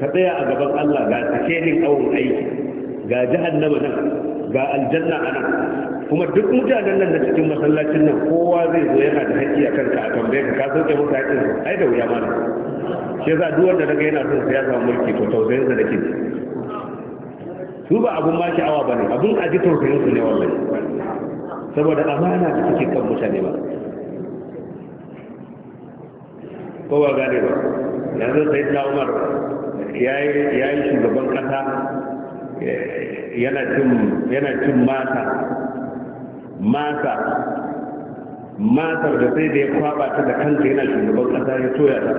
ka tsaya a gaban Allah ga tsakenin awon aiki ga jahannama nan ga aljanna a nan kuma duk mutanen nan da cikin masallacin nan kowa zai zo yana da haƙƙi a kanka a tambaye ka ka sauke masa haƙƙin ai da wuya ma shi yasa duk wanda daga yana son siyasa mulki to tausayin sa da ke su ba abun ma sha'awa bane abun a ji tausayin su ne wallahi saboda amana da take kan mutane ba ko ba gane ba yanzu sai na umar ya yi shugaban kasa eh, yana cin mata mata matar da sai da ya kwaba ta da kanta yana shugaban kasa ya soya ta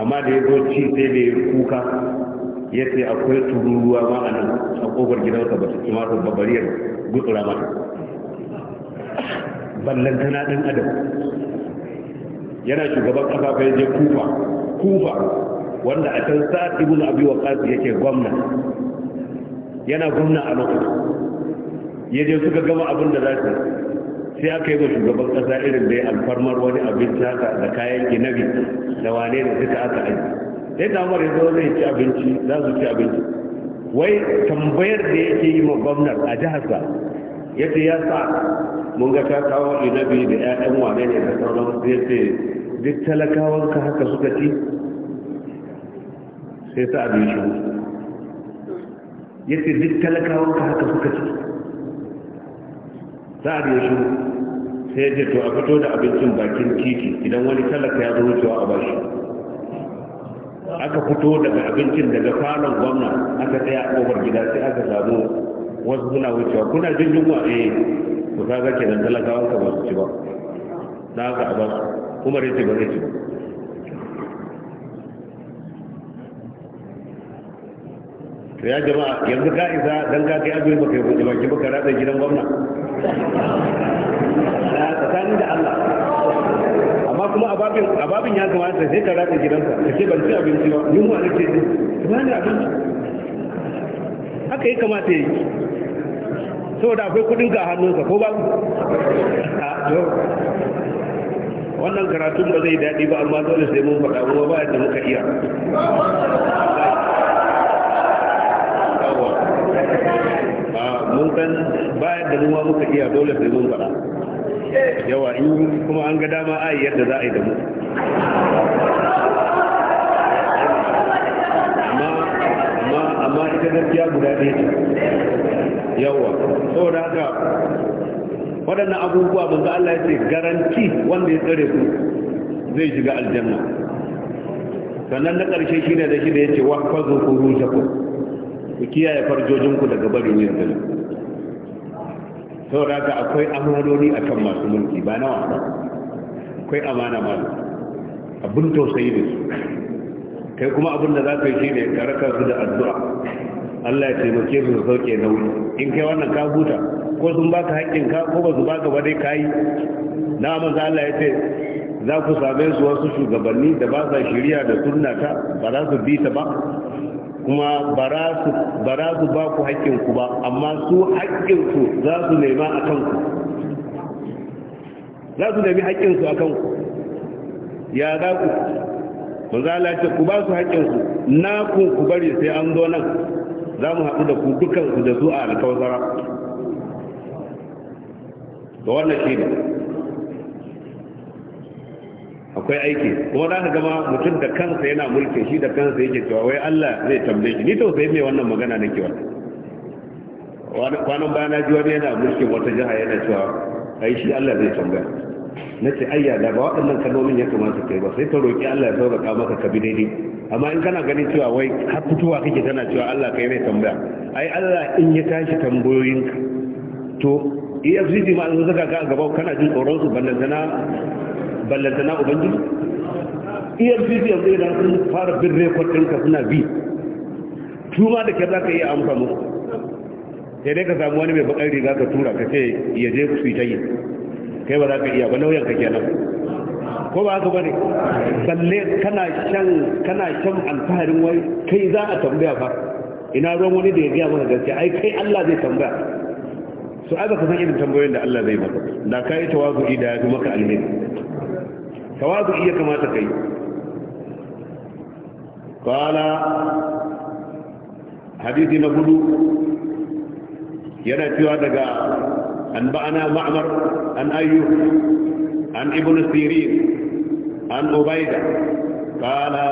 amma da ya zo ci sai da ya kuka ya ce akwai tururuwa ma a nan a kofar gidansa ba su ci matar babariyar gutsura mata ballantana ɗan adam yana shugaban kasa fa je kufa kufa wanda a can sa ibnu abi waqas yake gwamna yana gwamna a lokacin ya je suka gama abin da za su sai aka yi wa shugaban kasa irin da ya alfarmar wani abinci haka da kayan ginabi da wane da duka aka aiki. sai da amur ya zo zai ci abinci za su ci abinci wai tambayar da yake yi ma gwamnar a jihar sa. yadda ya sa mun ga ta kawo inabi da ƴaƴan wane ne da sauran sai ce duk talakawan ka haka suka ci sai sa abin shi yace duk talakawan ka haka suka ci sa abin shi sai ce to a fito da abincin bakin titi idan wani talaka ya zo wucewa a bashi aka fito daga abincin daga falon gwamna aka tsaya a kofar gida sai aka samu wasu suna wucewa kuna jin yunwa eh to kaga kenan talakawan ka ba su ci ba na haka a ba su kuma rage ba rage ba to ya jama'a yanzu ka isa dan ka kai ba kai yi ba ki baka ratsa gidan gwamna na tsakani da Allah amma kuma ababin ababin ya kamata sai ka ratsa gidanka ka ce ban ci abinci ba yunwa ce ji ba ne abinci haka ya kamata ya yi da akwai kudin ga hannunsa ko ba ah, wannan karatun ba zai daɗi ba amma dole sai mun faɗa kuma ba yadda muka iya mun san ba yadda mu muka iya dole sai mun faɗa yawa in kuma an ga dama a yadda za a yi da mu amma ita gaskiya guda ɗaya ce yawa saboda haka waɗannan abubuwa manzo Allah ya ce garanti wanda ya tsare su zai shiga aljanna sannan na ƙarshe shine da shi da wa wahfazu furujakum ku kiyaye farjojinku daga bari yin zina saboda haka akwai amanoni akan masu mulki ba nawa ba akwai amana ma abin tausayi da su kai kuma abin da za ka yi shi ne ka raka su da addu'a Allah ya taimake su sauke nauyi in kai wannan ka huta ko sun baka haƙƙin ka ko ba su baka ba dai kai na manzo Allah ya ce za ku same su wasu shugabanni da ba sa shari'a da sunna ta ba za su bi ta ba kuma ba za su ba ku haƙƙin ku ba amma su haƙƙin ku za su nema a kanku za su nemi haƙƙin su a kanku ya za ku manzo Allah ya ce ku ba su haƙƙin ku na ku ku bari sai an zo nan za mu haɗu da ku su da su a alkawzara Da wannan shi ne akwai aiki kuma za ka gama mutum da kansa yana mulki, shi da kansa yake cewa wai Allah zai tambaye shi ni sai mai wannan magana na wa? kwanan bayan na ji wani yana mulkin wata jiha yana cewa ai shi Allah zai tambaya na ce ayya da ba waɗannan kalmomin ya kamata kai ba sai ka roƙi Allah ya sauƙaƙa maka ka bi daidai amma in kana gani cewa wai har fitowa kake tana cewa Allah kai mai tambaya ai Allah in ya tashi tambayoyin ka. to EFCC ma an saka ka gaba kana jin tsoron su ballantana ballantana ubangiji EFCC yanzu da sun fara bin din ka suna bi tuma da kyar ka yi amsa musu sai dai ka samu wani mai bakari riga ka tura ka ce ya je su yi yi kai ba za ka iya ba nauyin ka kenan ko ba haka bane balle kana shan kana shan alfaharin wai kai za a tambaya fa ina ruwan wani da ya gaya maka gaske? ai kai Allah zai tambaya su ai baka san irin tambayoyin da Allah zai maka da yi tawazu'i da ya fi maka alheri tawazu'i ya kamata kai na حديث yana cewa daga an ba'ana معمر an ايوب an ibnu sirin an ubaida kala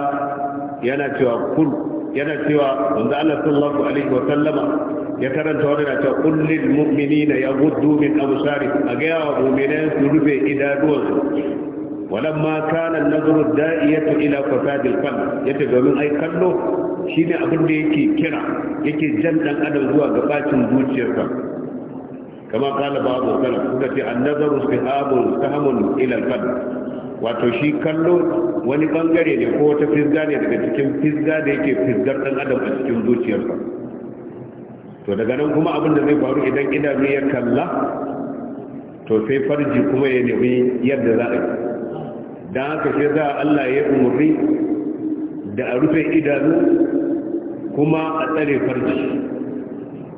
yana cewa kul yana cewa manzo Allah sallallahu alaihi wa sallama ya karanta wani na cewa kullil mu'minina yaghuddu min absari a ga yawa mu'minai su rufe idanuwansu walamma kana nazaru nazru da'iyatu ila fasad al-qalb yace domin ai kallo shine abin da yake kira yake jan dan adam zuwa ga bacin zuciyarsa kama kala babu salaf suka ce an-nazaru sihabun sahmun ila al-qalb wato shi kallo wani bangare ne ko wata fizga ne daga cikin fizga da yake fizgar dan adam a cikin zuciyarsa to daga nan kuma abin da zai faru idan idanu ya kalla to sai farji kuma ya nemi yadda za a yi don haka shi za Allah ya umarni da a rufe idanu kuma a tsare farji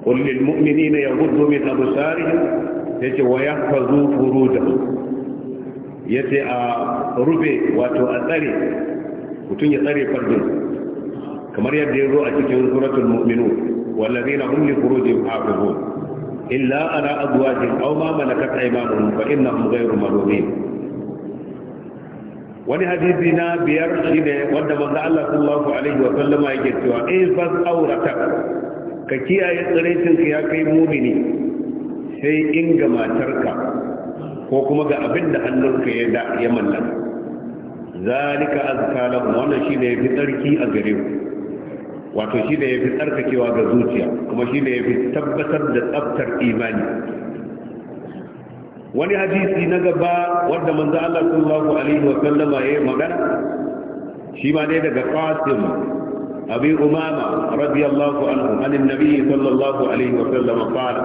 kullum mu'mini na ya gudu mai abu tsari, ya ce wa ya fazo furu da ya ce a rufe wato a tsare mutum ya tsare farjin kamar yadda ya zo a cikin suratul mu'minu wallazina hum li furujihim hafizun illa ala azwajihim aw ma malakat aymanuhum fa innahum ghayru malumin wani hadisi na biyar shi ne wanda manzo Allah sallallahu alaihi wa sallama yake cewa ifas eh, auratak ka kiyaye tsiraitin ka ya kai mumini sai in ga matarka ko kuma ga abin da hannunka ya da ya mallaka zalika azka lahum wannan shine yafi tsarki a gare ku wato shi da yafi tsarkakewa ga zuciya kuma shi da yafi tabbatar da tsaftar imani wani hadisi na gaba wanda manzo Allah sallallahu alaihi wa sallama yi magana shi ma dai daga Qasim Abi Umama radiyallahu anhu anin Nabi sallallahu alaihi wa sallama qala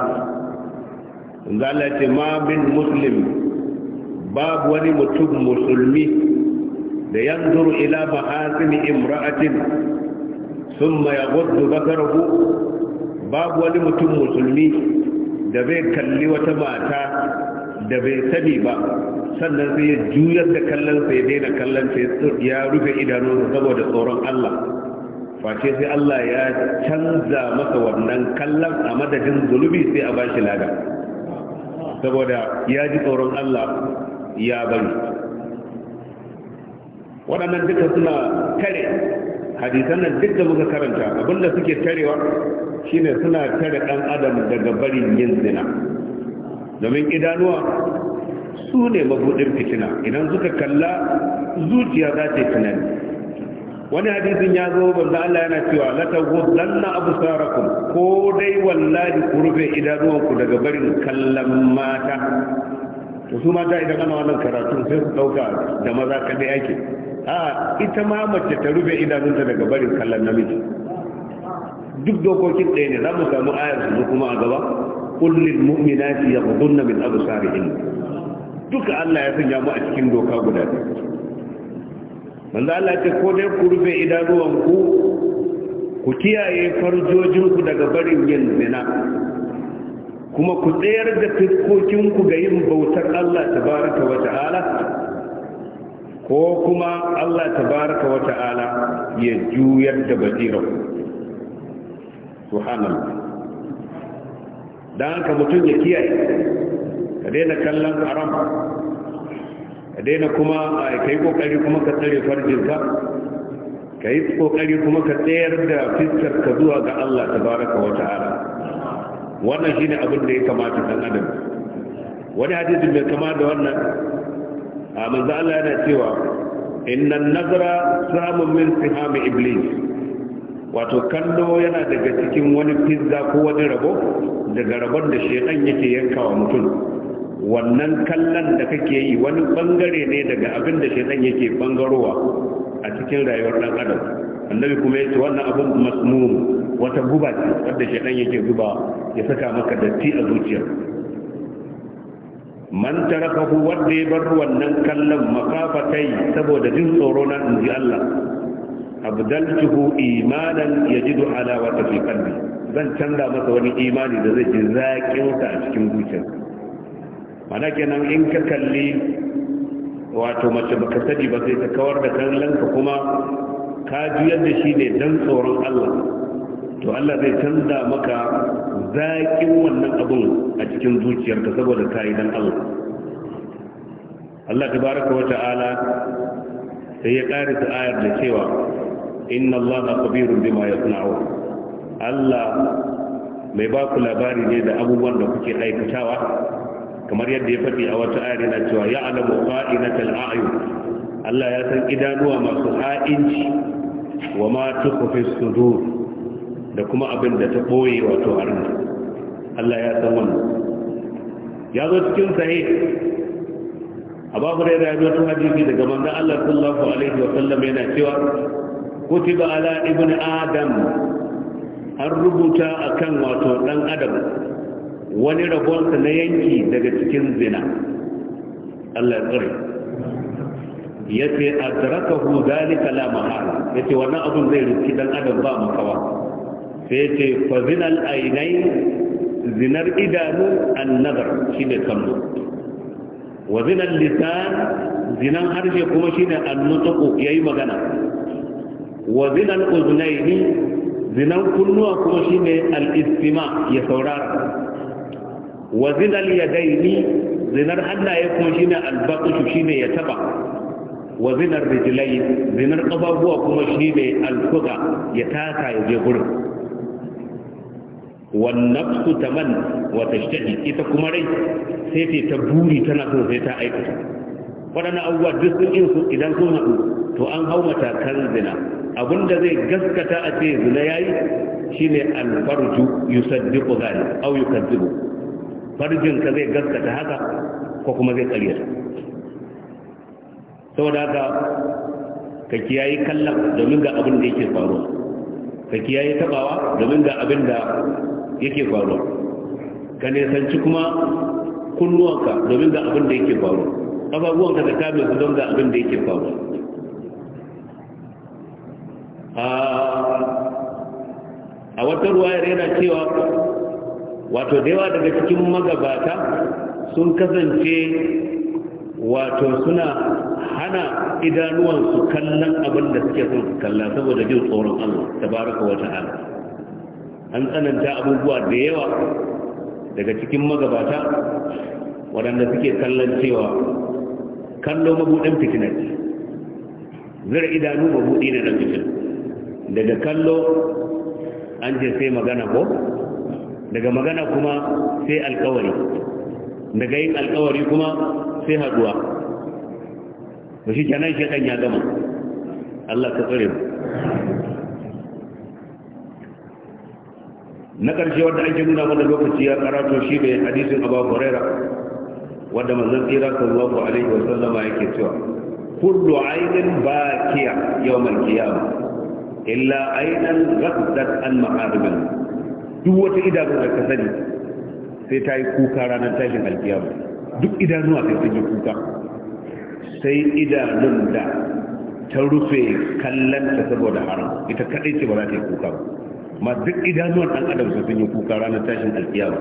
zala ce ma bin muslim babu wani mutum musulmi da yanzuru ila mahasini imra'atin sun ya gudu babu wani mutum musulmi da bai kalli wata mata da bai sani ba sannan sai ya juyar da kallon sai ya daina sai ya rufe idanunsa saboda tsoron Allah face sai Allah ya canza masa wannan kallon a madadin zulubi sai a bashi lada saboda ya ji tsoron Allah ya bari waɗannan duka suna tare hadisan nan duk da muka karanta abinda suke tarewa shine suna tare ɗan adam daga barin yin zina domin idanuwa su ne mabuɗin fitina idan suka kalla zuciya za ta tunani wani hadisin ya zo banza Allah yana cewa la taghuddanna absarakum ko dai wallahi ku rufe idanuwanku daga barin kallon mata to su mata idan ana wannan karatu sai su dauka da maza dai ake a ita ma mace ta rufe idanunta daga barin kallon namiji duk dokokin ɗaya ne za mu samu ayar su kuma a gaba kullin mu'minati yaghdunna min absarihin duka Allah ya sanya mu a cikin doka guda ɗaya manzo Allah ce ko dai ku rufe idanuwanku ku kiyaye farjojinku daga barin yin zina kuma ku tsayar da ku ga yin bautar Allah tabaraka wa ta'ala ko kuma Allah tabaraka wa ta'ala ya juyar da basirar subhanallah dan haka mutum ya kiyaye ka daina kallon haram ka daina kuma ka yi kokari kuma ka tsare farjinka ka yi kokari kuma ka tsayar da fiskar ka zuwa ga Allah tabaraka wa ta'ala wannan shine abin da ya kamata dan adam wani hadisi mai kama da wannan a manzo Allah yana cewa innan nazara samun min sihami iblis wato kallo yana daga cikin wani fizza ko wani rabo daga rabon da shekan yake yankawa mutum wannan kallon da kake yi wani bangare ne daga abin da shaitan yake bangarowa a cikin rayuwar dan adam annabi kuma yace wannan abin masmum wata guba ce wanda shaitan yake guba ya saka maka datti a zuciyar man tarakahu wanda ya bar wannan kallon makafatai saboda jin tsoro na inji Allah abdaltuhu imanan yajidu ala wa tafiqan zan canza masa wani imani da zai ji zakin sa a cikin zuciyarsa mana kenan in ka kalli wato mace baka sani ba sai ta kawar da kallonka kuma ka juyar da shi ne don tsoron Allah to Allah zai canza maka zaƙin wannan abun a cikin zuciyarka saboda ka yi don Allah Allah tabaraka wa ta'ala sai ya ƙari ta ayar da cewa inna Allah kabirun bima yasna'u Allah mai ba ku labari ne da abubuwan da kuke aikatawa kamar yadda ya faɗi a wata ayar yana cewa ya alamu fa'inatal a'yun Allah ya san idanuwa masu ha'inci wa ma tukhfi sudur da kuma abin da ta boye wato harin. Allah ya san wannan ya zo cikin sahih abu da ya zo tun hadisi daga manzon Allah sallallahu alaihi wa sallam yana cewa kutiba ala ibn adam an rubuta akan wato dan adam wani rabonsa na yanki daga cikin zina Allah ya tsare ya ce a zaraka hu zalika la mahala ya ce wannan abun zai riski don adam ba makawa sai ce fa zinal ainihin zinar idanu an nazar shi ne kallo wa zinar lisan zinar harshe kuma shi ne an nutsuku ya yi magana wa zinal uzunaini zinar kunnuwa kuma shi ne al'istima ya saurara wa ya yadaini zinar hannaye kuma shi ne shine shi ne ya taba wa zinar rijlai zinar ƙafafuwa kuma shi ne alfuqa ya taka ya je gurin wan nafsu taman wa tashtahi ita kuma rai sai ta ta buri tana so sai ta aikata waɗannan abubuwa duk sun yin su idan sun haɗu to an hau matakan zina da zai gaskata a ce zina yayi shine alfarju yusaddiqu zalik aw yukazzibu farjinka zai gaskata haka ko kuma zai karyata saboda haka ka kiyaye kallon domin ga abin da yake faruwa ka kiyaye tabawa domin ga abin da yake faruwa ka nesanci kuma kunnuwanka domin ga abin da yake faruwa abubuwanka da kame su don ga abin da yake faruwa ah, a wata ruwa yana cewa wato da yawa daga cikin magabata sun kasance wato suna hana idanuwansu kallon abin da suke son su kalla saboda jin tsoron Allah tabaraka wa ta'ala an tsananta abubuwa da yawa daga cikin magabata waɗanda suke kallon cewa kallo mabuɗin fitinar ce zira idanu mabuɗi na ɗan fitina daga kallo an je sai magana ko daga magana kuma sai alkawari daga yin alkawari kuma sai haduwa ba shi kenan shaitan ya gama Allah ka tsare na ƙarshe wanda ake nuna mana lokaci ya karato shi ne hadisin Abu Huraira wanda manzon tsira sallallahu alaihi wa sallama yake cewa kullu ba. bakiya yawm al-qiyamah illa aynan ghaddat an ma'aribin duk wata idanu da ka sani sai ta yi kuka ranar tashin alkiyama duk a sai yi kuka sai idanun da ta rufe ta saboda haram ita kaɗai ce ba za ta yi kuka ba ma duk idanuwan ɗan adam sai sun yi kuka ranar tashin alkiyama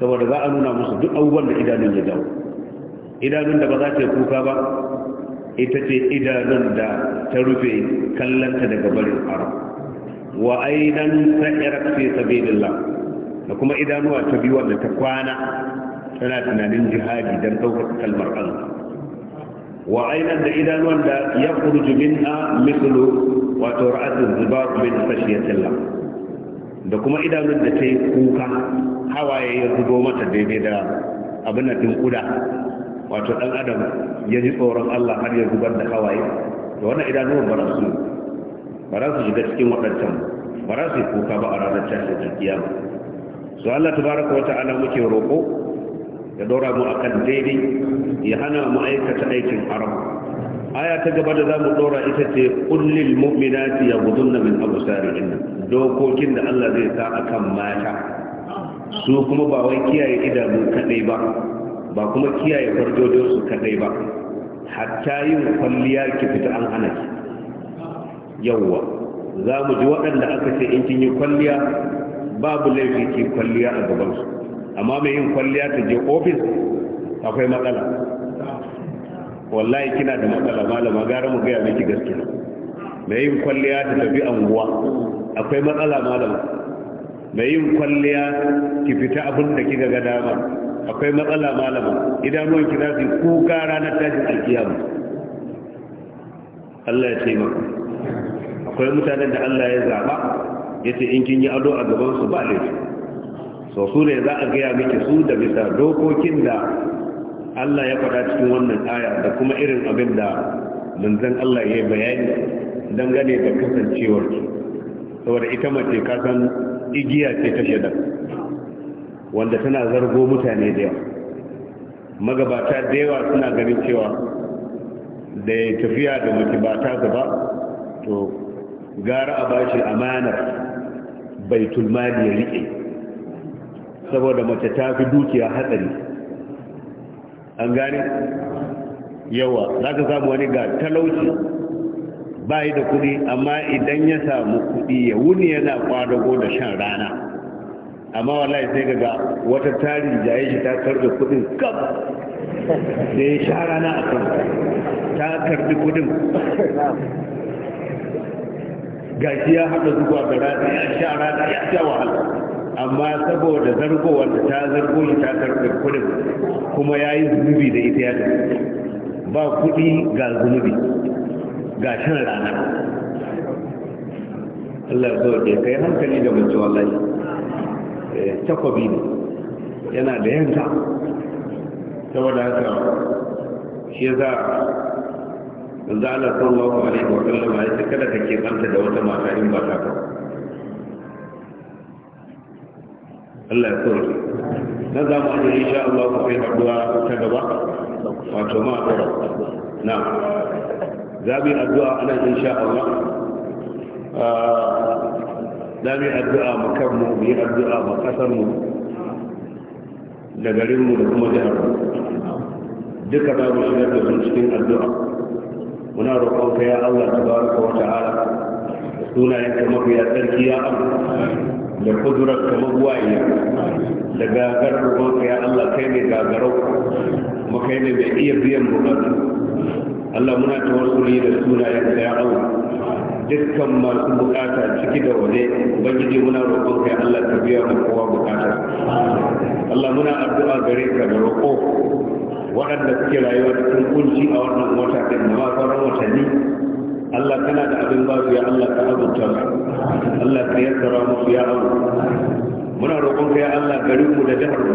saboda za a nuna musu duk abubuwan da idanun ya dawo idanun da ba za ta yi kuka ba ita ce idanun da ta rufe ta daga barin haram wa aidan sa'irat fi sabilillah da kuma idanuwa ta biyu wanda ta kwana tana tunanin jihadi dan ɗaukaka kalmar Allah wa ainan da idanuwan da ya kurju minna mithlu wato ra'atun zubab min khashiyatillah da kuma idanun da ta yi kuka hawaye ya zubo mata daidai da abin da din kuda wato dan adam ya ji tsoron Allah har ya zubar da hawaye da wannan idanuwan ba su ba za su shiga cikin waɗancan ba za su yi kuka ba a ranar tashin ba? su Allah ta baraka wata ala muke roƙo ya dora mu a kan daidai ya hana mu aikata aikin haram aya ta gaba da za mu dora ita ce kullil mu'minati na min inna- dokokin da Allah zai sa a kan mata su kuma ba wai kiyaye idanu kadai ba ba kuma kiyaye farjojinsu su kadai ba hatta yin kwalliya ki fita an hana ki yawwa za mu ji waɗanda aka ce in kin yi kwalliya babu laifi ki kwalliya a su. amma mai yin kwalliya ta je ofis akwai matsala wallahi kina da matsala malama gara mu gaya miki gaskiya mai yin kwalliya ta tafi anguwa akwai matsala malama mai yin kwalliya ki fita abin da kika ga dama akwai matsala malama idanuwan ki za su kuka ranar tashin alkiyama Allah ya taimaka akwai mutanen da Allah ya zaba ya ce in kin yi ado a gaban su ba laifi so su ne za a gaya miki su da bisa dokokin da Allah ya faɗa cikin wannan aya da kuma irin abin da manzon Allah ya bayani dangane da kasancewar ki saboda ita mace ka san igiya ce ta shaidan wanda tana zargo mutane da yawa magabata da yawa suna ganin cewa da tafiya da mace ba ta gaba to gara a bashi amanar baitul mali ya rike saboda mace ta fi dukiya hatsari an gane yawa za ka samu wani ga talauci bayi da kudi amma idan ya samu kudi ya wuni yana kwadago da shan rana amma wallahi sai ga wata tari jaye shi ta karɓi kudin kam? da ya sha rana a kan ta karbi kudin gashi ya haɗa zuwa da rana ya sha rana ya sha wahala amma saboda zargo wanda ta zargo shi ta karɓi kudin kuma ya yi zunubi da ita ya ba kuɗi ga zunubi ga shan rana Allah zo da kai hankali da mace wallahi eh, takobi ne yana da yanka saboda haka shi za manzo Allah sallallahu alaihi wa sallam ya ce kada ka ke banta da wata mata in ba ta ka Allah ya tsoro na za mu yi insha Allah ku kai haduwa ta gaba wato ma tsoro na za mu yi addu'a ana insha Allah ah, za mu yi addu'a mu kanmu mu yi addu'a ma kasar mu da garinmu da kuma jihar duka za mu shigar da cikin addu'a muna roƙonka ya Allah ta tabaraka wa ta'ala sunayen ka ya sarki ya Allah da kudurar ka mabuwaya da gagar roƙonka ya Allah kai ne gagarau kuma kai ne mai iya biyan bukatu Allah muna tawassuli da sunayen ka ya Allah dukkan masu bukata ciki da waje ubangiji muna roƙon kai Allah ta biya mu kowa bukata Allah muna addu'a gare ka da roƙo waɗanda suke rayuwa cikin kunci a wannan wata ɗin da ba sauran watanni Allah kana da abin ba su ya Allah ka azurta su Allah ka yassara musu ya Allah muna roƙon ka ya Allah garin mu da jihar mu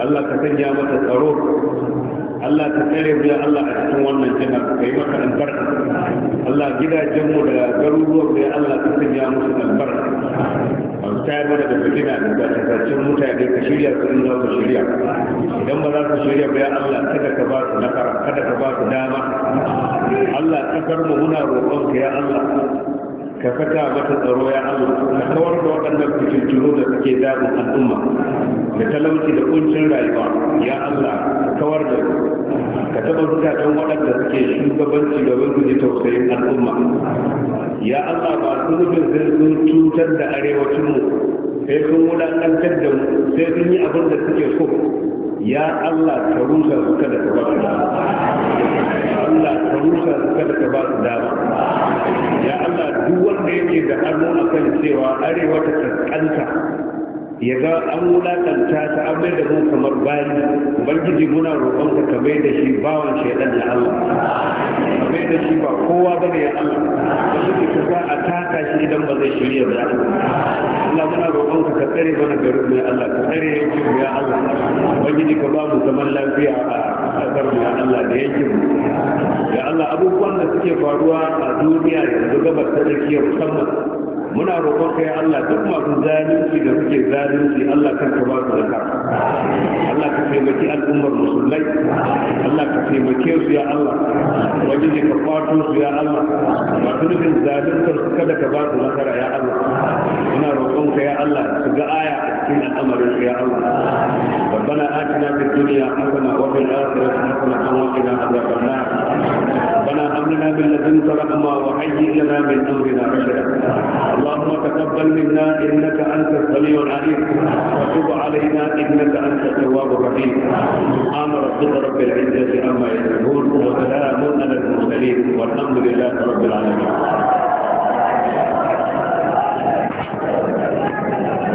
Allah ka sanya mata tsaro Allah ka tsare mu ya Allah a cikin wannan jihar ka yi maka albarka Allah gidajen mu da garuruwan mu ya Allah ka sanya musu albarka an tayar mana da fitina da tattacin mutane ka shirya su in za su shirya idan ba za su shirya ba ya Allah kada ka ba su nasara kada ka ba su dama Allah kasar mu muna roƙon ka ya Allah ka saka mata tsaro ya Allah ka kawar da waɗannan fitintunu da suke damun al'umma da talauci da kuncin rayuwa ya Allah ka kawar da ka taɓa zukatan waɗanda suke shugabanci da wani ji tausayin al'umma ya Allah ba su sun sun cutar da arewacinmu sai sun wulaƙantar da mu sai sun yi abin da suke so ya Allah ka rusa su kada ka ba su dama Allah ka rusa su kada ka ba su dama ya Allah duk wanda yake da hannu akan cewa arewa ta kaskanta ya ga an wulakanta ta amai da mun kamar bayan ubangiji muna roƙon ka kamar da shi bawan shaidan ya Allah kamar da shi ba kowa ba ne ya Allah ba su ka za a taka shi idan ba zai shirya ba Allah muna roƙon ka tsare mana garin mai Allah ka tsare yankin ya Allah ubangiji ka ba mu zaman lafiya a ƙasar mu ya Allah da yankin ya Allah abubuwan da suke faruwa a duniya yanzu gabas ta tsakiyar musamman muna roƙon kai Allah duk masu zalunci da suke zalunci Allah kan ka ba su zakka Allah ka taimaki al'ummar musulmai Allah ka taimake su ya Allah wajen da ka fato su ya Allah masu nufin zalunci su kada ka ba su nasara ya Allah muna roƙon kai ya Allah su ga aya a cikin al'amarin ya Allah ربنا آتنا في الدنيا حسنة وفي الآخرة حسنة وقنا عذاب النار ربنا آمنا بالذي رحمة وهيئ لنا من أمرنا رشدا اللهم تقبل منا انك انت السميع العليم وتب علينا انك انت التواب الرحيم سبحان ربك رب العزه عما يصفون وسلام على المرسلين والحمد لله رب العالمين